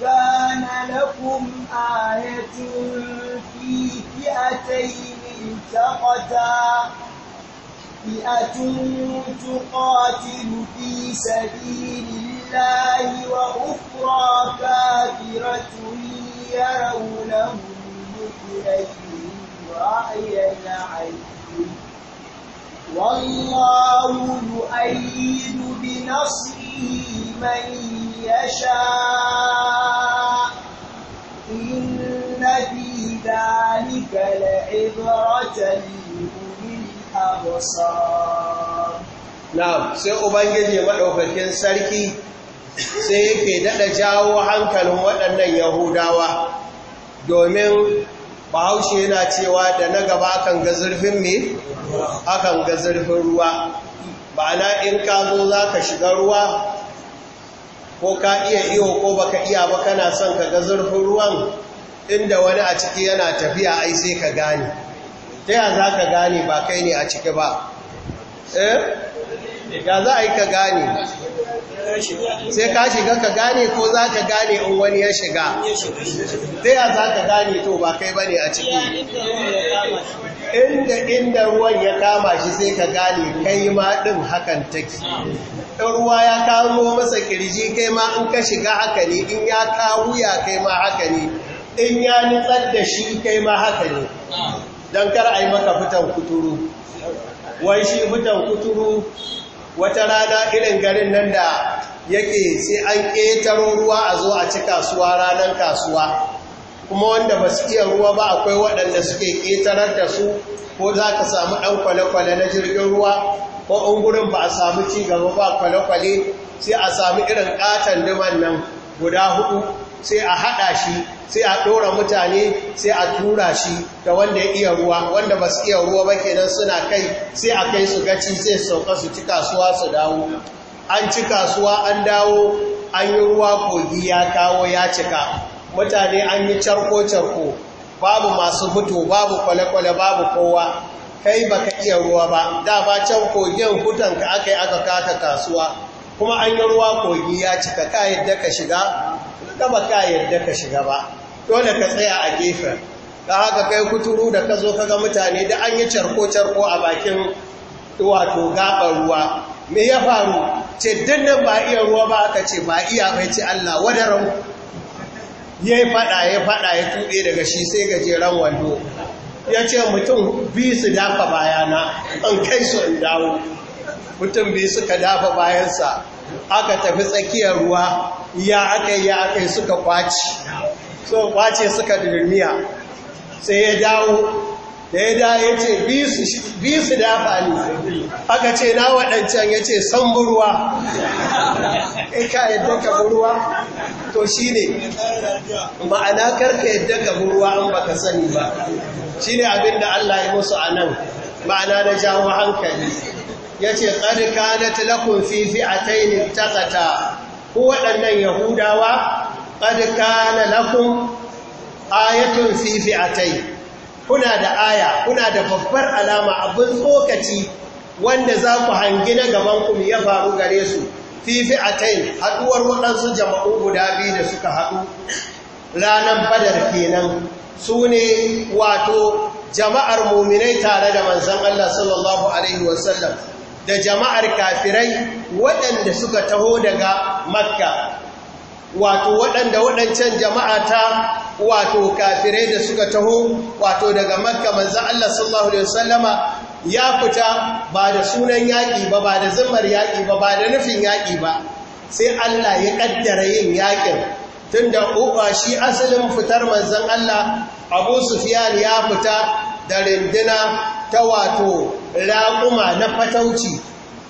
na lakum ayatun fi fi'atayn التقتا فئة تقاتل في سبيل الله وأخرى كافرة يرونهم مثليهم رأي العين والله يؤيد بنصره من يشاء إن في sai ubangiji maɗaukakin sarki sai yake daɗa jawo hankalin waɗannan yahudawa domin bahaushe yana cewa da na gaba akan ga zurfin me akan ga zurfin ruwa ma'ana in ka zo za ka shiga ruwa ko ka iya iyo ko baka iya ba kana son ka ga zurfin ruwan inda wani a ciki yana tafiya ai sai ka gane ta ya za ka gane ba kai ne a ciki ba eh ya za a yi ka gane sai ka shiga ka gane ko za ka gane in wani ya shiga ta ya za ka gane to ba kai ba ne a ciki inda inda ruwan ya kama shi sai ka gane kai ma ɗin hakan take ruwa ya kawo masa kirji kai ma in ka shiga haka ne in ya kawo ya kai ma haka ne in ya nutsar da shi kai ma haka ne don kar a yi maka fitan kuturu wai shi fitan kuturu wata rana irin garin nan da yake sai an ƙetaro ruwa a zo a ci kasuwa ranar kasuwa kuma wanda ba su iya ruwa ba akwai waɗanda suke ƙetarar da su ko za ka samu ɗan kwale-kwale na jirgin ruwa ko gurin ba a samu cigaba ba kwale-kwale sai a samu irin ƙatan duman nan guda hudu sai a haɗa shi sai a ɗora mutane sai a tura shi da wanda ya iya ruwa wanda ba su iya ruwa ba ke nan suna kai sai a kai su gaci sai sauka su ci kasuwa su dawo an ci kasuwa an dawo an yi ruwa kogi ya kawo ya cika mutane an yi carko-carko babu masu hutu babu kwale-kwale babu kowa kai ka iya ruwa ba da ba can kogin ka aka yi aka kaka kasuwa kuma an yi ruwa kogi ya cika ka yadda ka shiga ka ba ka yadda ka shiga ba dole ka tsaya a gefen da haka kai kuturu da ka zo kaga mutane da an yi carko-carko a bakin wato gaɓar ruwa me ya faru ce dinnan ba iya ruwa ba aka ce ba iya bai ce Allah wadaran ya yi fada ya fada ya tuɗe daga shi sai gajeren wando ya ce mutum bi su dafa bayana an kai su in dawo mutum bi suka dafa bayansa aka tafi tsakiyar ruwa ya aka yi ya aka suka kwaci so kwace suka durmiya sai ya dawo da ya da ya ce bi su dafa ne aka ce na waɗancan ya ce san burwa in eh, ka yadda ka burwa to shi ne ma'ana karka yadda ka burwa an baka sani ba shi ne abinda Allah ya musu a nan ma'ana da jawo hankali ya ce ƙarƙa na tilakun fifi a tainin takata ko waɗannan yahudawa ƙarƙa na lakun ayatun fifi a tai kuna da aya kuna da babbar alama abin tsokaci wanda za ku hangi na kuma ya faru gare su fifi a tai haɗuwar waɗansu jama'u guda biyu da suka haɗu ranar badar kenan su ne wato jama'ar muminai tare da manzan Allah sallallahu Alaihi wasallam da jama'ar kafirai waɗanda suka taho daga makka wato waɗanda waɗancan jama'a ta wato kafirai da suka taho wato daga makka manzan Allah sallallahu Alaihi wasallama ya fita ba da sunan yaƙi ba ba da zimmar yaƙi ba ba da nufin yaƙi ba sai Allah ya ƙaddara yin yaƙin tun da shi asalin fitar manzan Allah abu sufiyan ya fita da rindina ta wato raƙuma na fatauci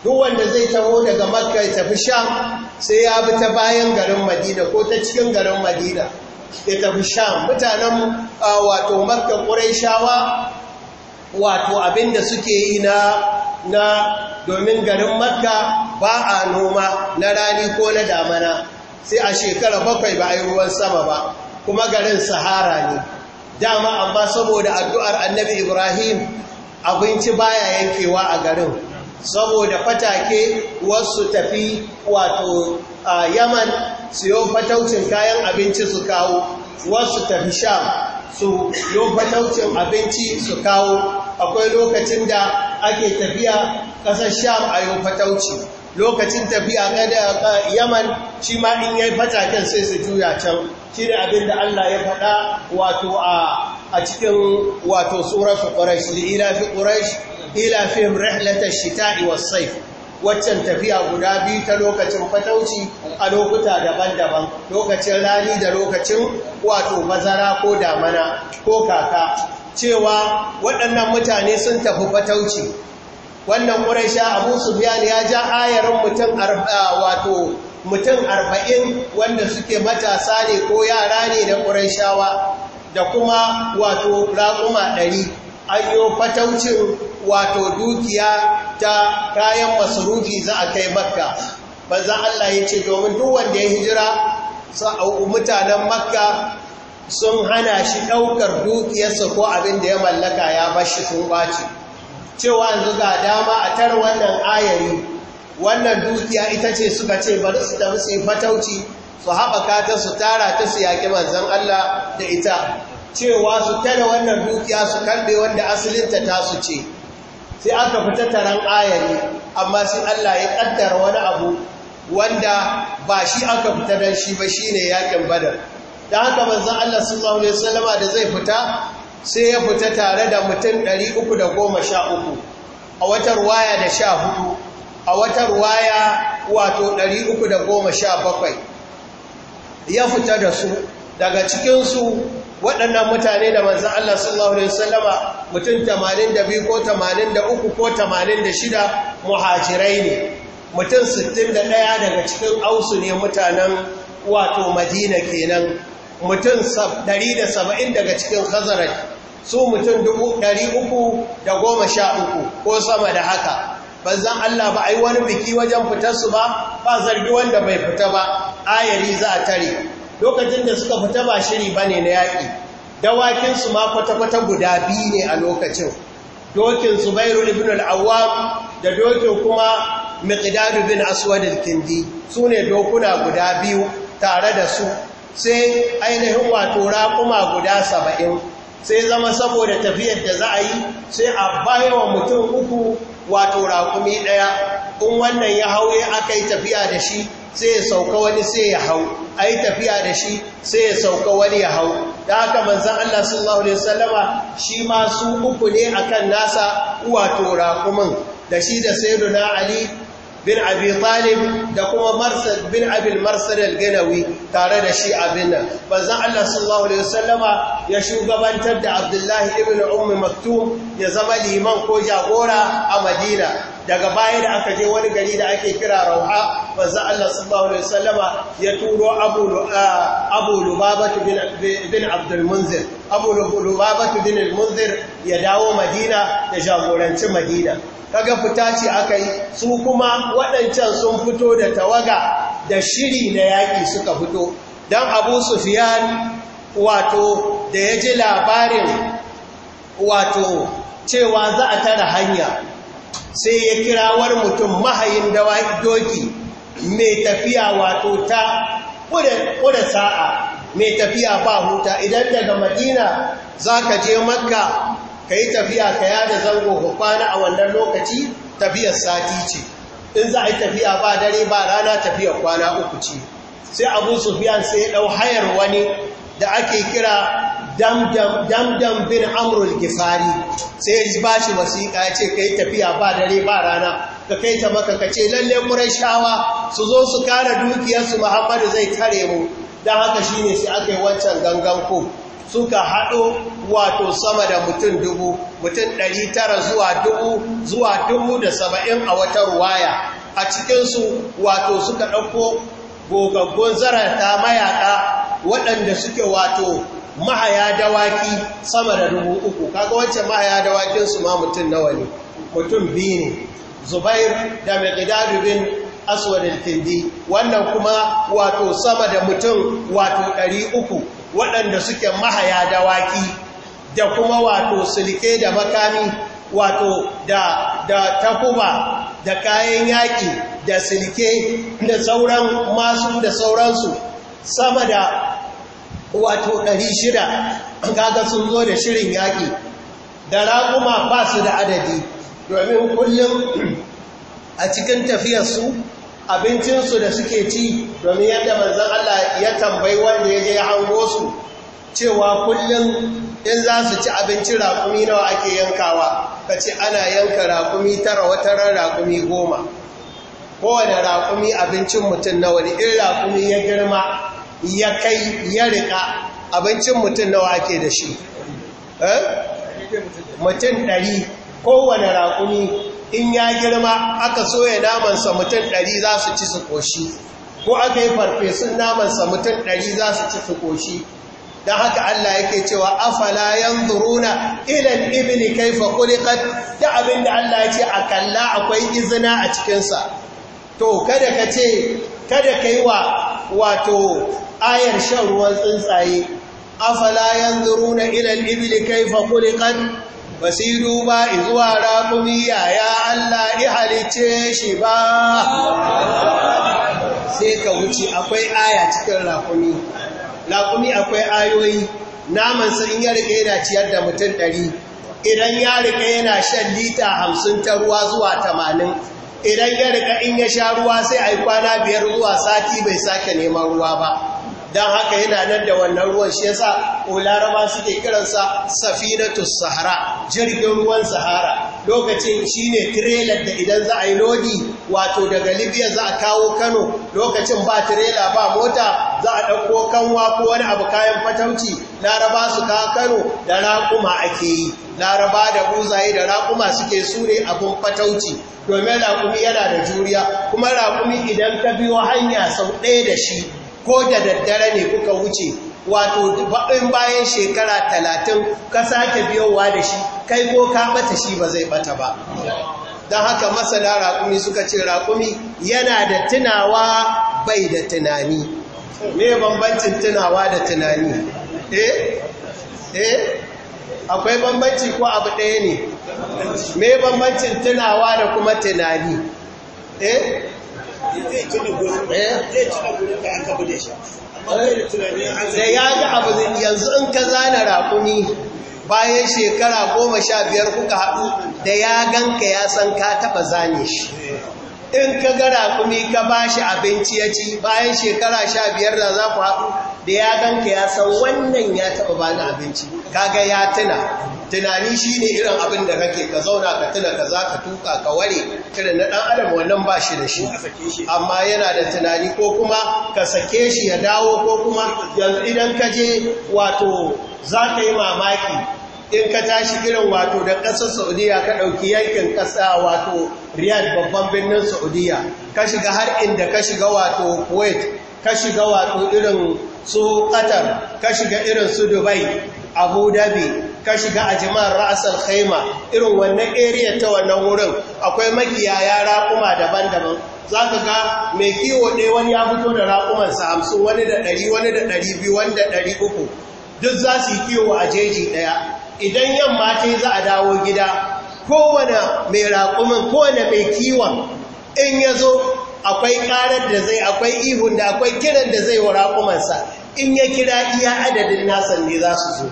duk wanda zai taho daga makka ya tafi sham sai ya bi ta bayan garin madina ko ta cikin garin madina ya tafi sham mutanen wato makka ƙuraishawa wato abinda suke yi na na domin garin makka ba a noma na rani ko na damana sai a shekara bakwai ba a yi ruwan sama ba kuma garin sahara ne dama amma saboda addu'ar annabi ibrahim abinci baya yankewa a garin saboda fatake wasu tafi wato yaman siyo fataucin kayan abinci su kawo wasu tafi sham su yi fataucin abinci su kawo akwai lokacin da ake tafiya ƙasar sham a yi fatauci lokacin tafiya kada yaman shi ma in yayi fataken sai su juya can shine abin da Allah ya faɗa wato a a cikin wato su quraish ila fi quraish ila fi ash shita'i was-sayf waccan tafiya guda biyu ta lokacin fatauci a lokuta daban-daban lokacin rani da lokacin wato mazara ko damana ko kaka cewa waɗannan mutane sun tafi fatauci wannan ƙuraisha abu sufyan ya ja ayarin mutum ah, wato mutum arba'in wanda suke matasa ne ko yara ne da ƙuraishawa da kuma wato raƙuma ɗari an yi fataucin wato dukiya ta kayan masarufi za a kai makka Ba za Allah ya ce domin duk wanda ya hijira mutanen makka sun hana shi ɗaukar dukiyarsa ko abin da ya mallaka ya bashi sun ɓaci cewa yanzu ga dama a tara wannan ayari wannan dukiya ita ce suka ce bari su tafi su yi fatauci su haɓaka ta su tara ta su yaƙi manzan Allah da ita cewa su tare wannan dukiya su kalbe wanda asilinta ta su ce sai aka fita taron ayari amma sai Allah ya ƙaddara wani abu wanda ba shi aka fita don shi ba shi ne yaƙin badar da haka manzan Allah sallallahu Alaihi wasallama da zai fita sai ya fita tare da mutum 313 a watar waya da 14 a watar waya wato 317 ya fita da su daga cikinsu waɗannan mutane da manzan Allah sallallahu Alaihi wasallama mutum 82 ko 83 ko 86 muhajirai ne mutum 61 daga cikin ausu ne mutanen wato madina kenan mutum 170 daga cikin hazarar su mutum 313 ko sama da haka banzan Allah ba a yi wani biki wajen fitarsu ba ba zargi wanda bai fita ba ayari za a tare lokacin da suka fita ba shiri ba ne na yaƙi dawakinsu ma kwata-kwata guda biyu ne a lokacin dokin zubairu ibn al'awam da dokin kuma miƙidadu bin aswadin kindi su ne dokuna guda biyu tare da su sai ainihin wato raƙuma guda saba'in sai zama saboda tafiyar da za a yi sai a bayawa mutum uku wato raƙumi ɗaya in wannan ya hau ya aka yi tafiya da shi sai ya sauka wani sai ya hau a yi tafiya da shi sai ya sauka wani ya hau da haka manzan Allah sallallahu Alaihi wasallama shi ma su uku ne a kan nasa wato raƙumin da shi da saiduna Ali bin abi talib da kuma marsad bin abin marsad al-ganawi tare da shi abin nan banzan Allah sallallahu alaihi wasallama ya shugabantar da Abdullahi ibn Ummi Maktum ya zama liman ko jagora a Madina daga baya da aka je wani gari da ake kira Rauha banzan Allah sallallahu alaihi wasallama ya turo Abu Abu Lubabatu bin bin Abdul Munzir Abu Lubabatu bin munzir ya dawo Madina ya jagoranci Madina kaga fita ce aka yi su kuma waɗancan sun fito da tawaga da shiri da yaƙi suka fito don abu sufiyan wato da ya ji labarin wato cewa za a tara hanya sai ya kirawar mutum mahayin doki mai tafiya wato ta ƙuda sa'a mai tafiya ba huta idan daga madina za ka je makka ka yi tafiya ka yada zango ga kwana a wannan lokaci tafiyar sati ce in za a yi tafiya ba dare ba rana tafiyar kwana uku ce sai abu sufiyan sai ya ɗau hayar wani da ake kira damdam bin amurul gifari sai ya ba shi wasiƙa ya ce ka yi tafiya ba dare ba rana ka kai ta maka ka ce lalle murai shawa su zo su kara dukiyarsu muhammadu zai tare mu don haka shi ne sai aka yi wancan gangan ko suka haɗo wato sama da mutum dubu mutum ɗari tara zuwa dubu zuwa dubu da saba'in a wata ruwaya a cikinsu wato suka ɗauko gogaggon zarata mayaƙa waɗanda suke wato mahaya dawaki sama da dubu uku kaga wancan mahaya dawakinsu ma mutum nawa ne mutum biyu ne zubair da maƙidadu bin aswadin wannan kuma wato sama da mutum wato ɗari uku waɗanda suke mahaya dawaki da kuma wato silke da makami wato da da takuba da kayan yaƙi da silke da sauran masu da sauransu sama da wato 600 kaga sun zo da shirin yaƙi da raƙuma ba su da adadi domin kullum a cikin tafiyarsu abincinsu da suke ci domin yadda manzan Allah ya tambayi wanda ya je hango su cewa kullum in za su ci abinci raƙumi nawa ake yankawa ka ce ana yanka raƙumi tara wataran rakumi goma kowane raƙumi abincin mutum nawa ne in raƙumi ya girma ya kai ya riƙa abincin mutum nawa ake da shi eh? mutum ɗari kowane raƙumi in ya girma aka soya namansa mutum ɗari za su ci su ƙoshi ko aka yi farfesun namansa mutum ɗari za su ci su ƙoshi don haka Allah yake cewa afala yanzuruna ila al-ibli kayfa khuliqat da abinda Allah yake ce a kalla akwai izina a cikin sa to kada ka ce kada kai wa wato ayar shan ruwan tsuntsaye afala yanzuruna ila al-ibli kayfa khuliqat basiru ba zuwa raƙumi yaya Allah ihalice halice shi ba sai ka wuce akwai aya cikin raƙumi laƙumi akwai ayoyi naman su in ya rika yana ciyar da mutum ɗari idan ya riƙa yana shan lita hamsin ta ruwa zuwa tamanin idan ya rika in ya sha ruwa sai a yi kwana biyar zuwa sati bai sake neman ruwa ba don haka yana nan da wannan ruwan shi yasa laraba suke kiransa safinatus sahara jirgin ruwan sahara lokacin shine trailer da idan za a yi lodi wato daga libya za a kawo kano lokacin ba trailer ba mota za a ɗauko kanwa ko wani abu kayan fatauci laraba su kawo kano da raƙuma ake yi laraba da buzaye da raƙuma suke sure abin fatauci domin raƙumi yana da juriya kuma raƙumi idan ka biyo hanya sau ɗaya da shi ko da daddare ne kuka wuce wato baɗin bayan shekara talatin ka sake biyowa da shi kai ko ka ɓata shi ba zai ɓata ba don haka masana raƙumi suka ce raƙumi yana da tunawa bai da tunani me bambancin tunawa da tunani eh eh akwai bambanci ko abu ɗaya ne me bambancin tunawa da kuma tunani eh Eh? da ya yanzu in ka zana raƙumi bayan shekara goma sha biyar kuka haɗu da ya ganka ya san ka taɓa zane shi in ka ga raƙumi ka ba shi abinci ya ci bayan shekara sha biyar da za ku haɗu da ya ganka ya san wannan ya taba bani abinci kaga ya tuna tunani shine irin abin da kake ka zauna ka tuna ka za ka tuka ka ware kira na dan adam wannan ba shi da shi amma yana da tunani ko kuma ka sake shi ya dawo ko kuma yanzu idan ka je wato za ka yi mamaki in ka tashi irin wato da ƙasar saudiya ka ɗauki yankin ƙasa wato riyad babban birnin saudiya ka shiga har inda ka shiga wato kuwait ka shiga wato irin su qatar ka shiga irin su dubai abu dhabi ka shiga a jama'ar ra'asar khaima irin wannan area ta wannan wurin akwai ya raƙuma daban-daban za ka ga mai kiwo ɗaya wani ya fito da raƙumansa hamsin wani da ɗari wani da ɗari biyu wani da ɗari uku duk za su yi kiwo a jeji ɗaya idan yamma ce za a dawo gida kowane mai raƙumin kowane mai kiwon in ya zo akwai karar da zai akwai ihun da akwai kiran da zai wa raƙumansa in ya kira iya adadin nasan ne za su zo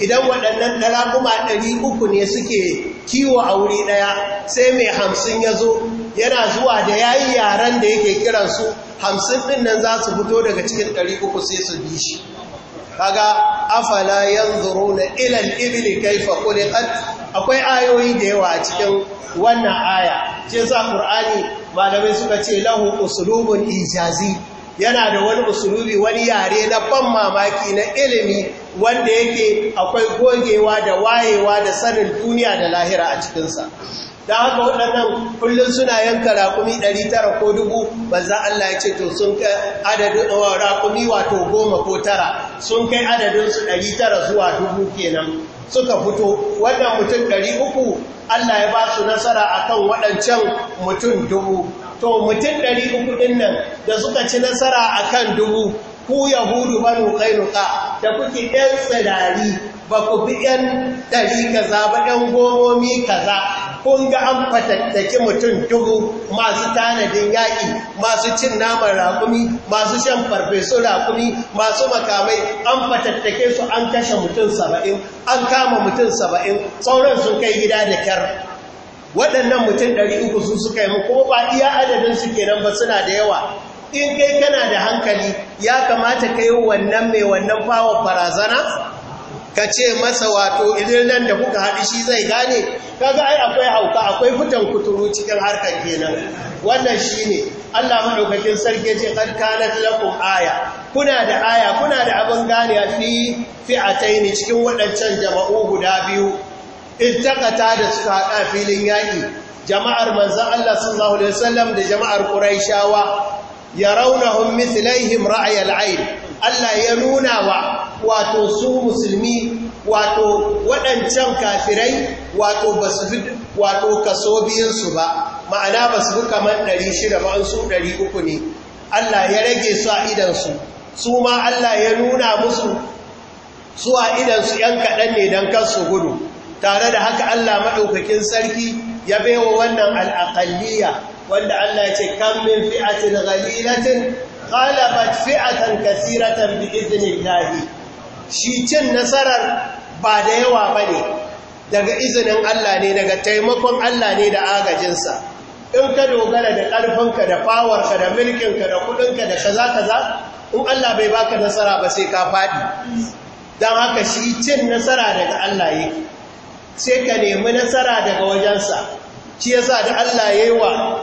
idan waɗannan kuma ɗari uku ne suke kiwo a wuri ɗaya sai mai hamsin ya zo yana zuwa da ya yi yaren da yake kiransu hamsin ɗin nan za su fito daga cikin ɗari uku sai su bi shi kaga afala rona ilal ibli kaifa khuliqat akwai ayoyi da yawa a cikin wannan aya ce sa ƙur'ani malamai suka ce lahu usulubun ijazi yana da wani usulubi wani yare na ban mamaki na ilimi wanda yake akwai gogewa da wayewa da sanin duniya da lahira a cikinsa da haka waɗannan kullum suna yanka raƙumi 900 ko 1000 za Allah ya ce to sun kai adadin raƙumi wato goma ko tara sun kai adadinsu 900 zuwa 1000 kenan suka fito wannan mutum 300 Allah ya ba su nasara akan waɗancan mutum 1000 to mutum 300 ɗin nan da suka ci nasara akan 1000 ku yahudu banu kainuka da kuke ɗan tsadari ba ku bi ɗan ɗari kaza ba ɗan gomomi kaza kun ga an fatattake mutum dubu masu tanadin yaƙi masu cin naman raƙumi masu shan farfesu raƙumi masu makamai an fatattake su an kashe mutum saba'in an kama mutum saba'in sauran sun kai gida da kyar waɗannan mutum ɗari uku su suka yi kuma ba iya adadin su kenan ba suna da yawa in kai kana da hankali ya kamata ka yi wannan mai wannan fawon farazana. ka ce masa wato idan nan da kuka haɗu shi zai gane Ka kaga ai akwai hauka akwai fitan kuturu cikin harkar kenan wannan shine Allah ɗaukakin sarki ce kad kanat lakum aya kuna da aya kuna da abin gane a fi ne cikin waɗancan jama'u guda biyu In takata da suka haɗa filin yaƙi. jama'ar manzon Allah sallallahu alaihi wasallam da jama'ar quraishawa yarawnahum mithlaihim ra'yal ayn Allah ya nuna wa wato su musulmi wato waɗancan kafirai wato ba su fi wato kaso biyunsu ba ma'ana ba su fi kamar ɗari shida ba su ɗari uku ne Allah ya rage su a idansu su ma Allah ya nuna musu su a idansu ‘yan kaɗan ne don kansu gudu tare da haka Allah maɗaukakin sarki ya baiwa wannan al'aƙalliya wanda Allah ya ce kan min fi'atin ghalilatin ghalabat fi'atan kasiratan bi izinin shi cin nasarar ba da yawa ba ne daga izinin Allah ne daga taimakon Allah ne da agajinsa in ka dogara da ƙarfinka da fawarka da mulkinka da kudinka da kaza-kaza in Allah bai baka nasara ba sai ka faɗi don haka shi cin nasara daga Allah yi sai ka nemi nasara daga wajensa shi yasa da Allah ya yi wa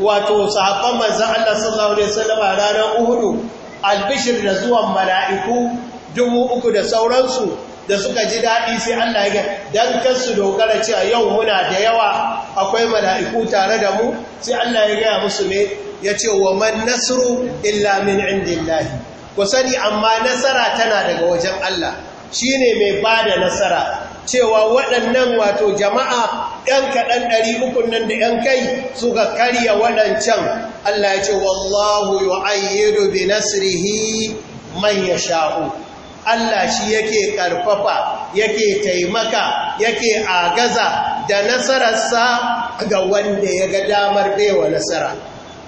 wato sahabban manzan Allah sallallahu alaihi wasallam ranar Uhudu, albishir da zuwan mala'iku dubu uku da sauransu da suka ji daɗi sai Allah ya dan kansu dogara cewa yau muna da yawa akwai mala'iku tare da mu sai Allah ya gaya musu ne ya ce wa man nasru illa min indillahi ku sani amma nasara tana daga wajen Allah shine mai bada nasara cewa waɗannan wato jama'a ‘yan kaɗan ɗari ukun nan da ‘yan kai suka karya waɗancan Allah ya ce wallahu yu'ayyidu bi nasrihi man yasha'u Allah shi yake ƙarfafa yake taimaka yake agaza da nasararsa ga wanda ya ga damar baiwa nasara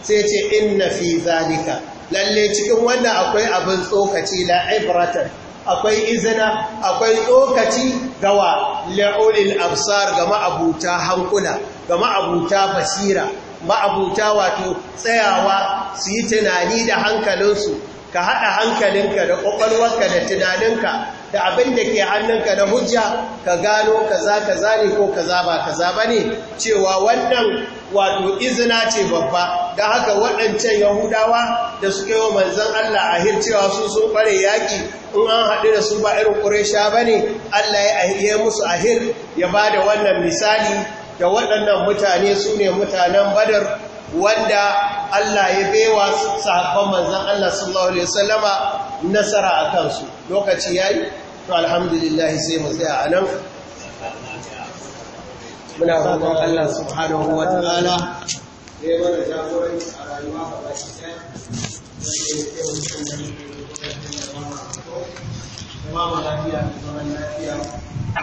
sai ce inna fi zalika lalle cikin wanda akwai abin tsokaci la ibratan akwai izina akwai tsokaci gawa la'ulil absar ga ma'abuta hankula ga ma'abuta basira ma'abuta wato tsayawa su yi tunani da hankalinsu ka haɗa hankalinka da ƙwaƙwalwarka da tunaninka da abin da ke hannunka na hujja ka gano kaza kaza ne ko kaza ba kaza ba ne cewa wannan wato izina ce babba da haka waɗancan yahudawa da suke yi wa manzan Allah hir cewa su sun ɓare yaƙi in an haɗu da su ba irin ƙuresha ba ne Allah ya musu a ahir ya ba da wannan misali da waɗannan mutane su ne mutanen badar wanda Allah ya bewa sahabban manzon Allah sallallahu alaihi wasallama nasara a kansu lokaci yayi to alhamdulillah sai mu tsaya nan. muna rukun Allah subhanahu wa ya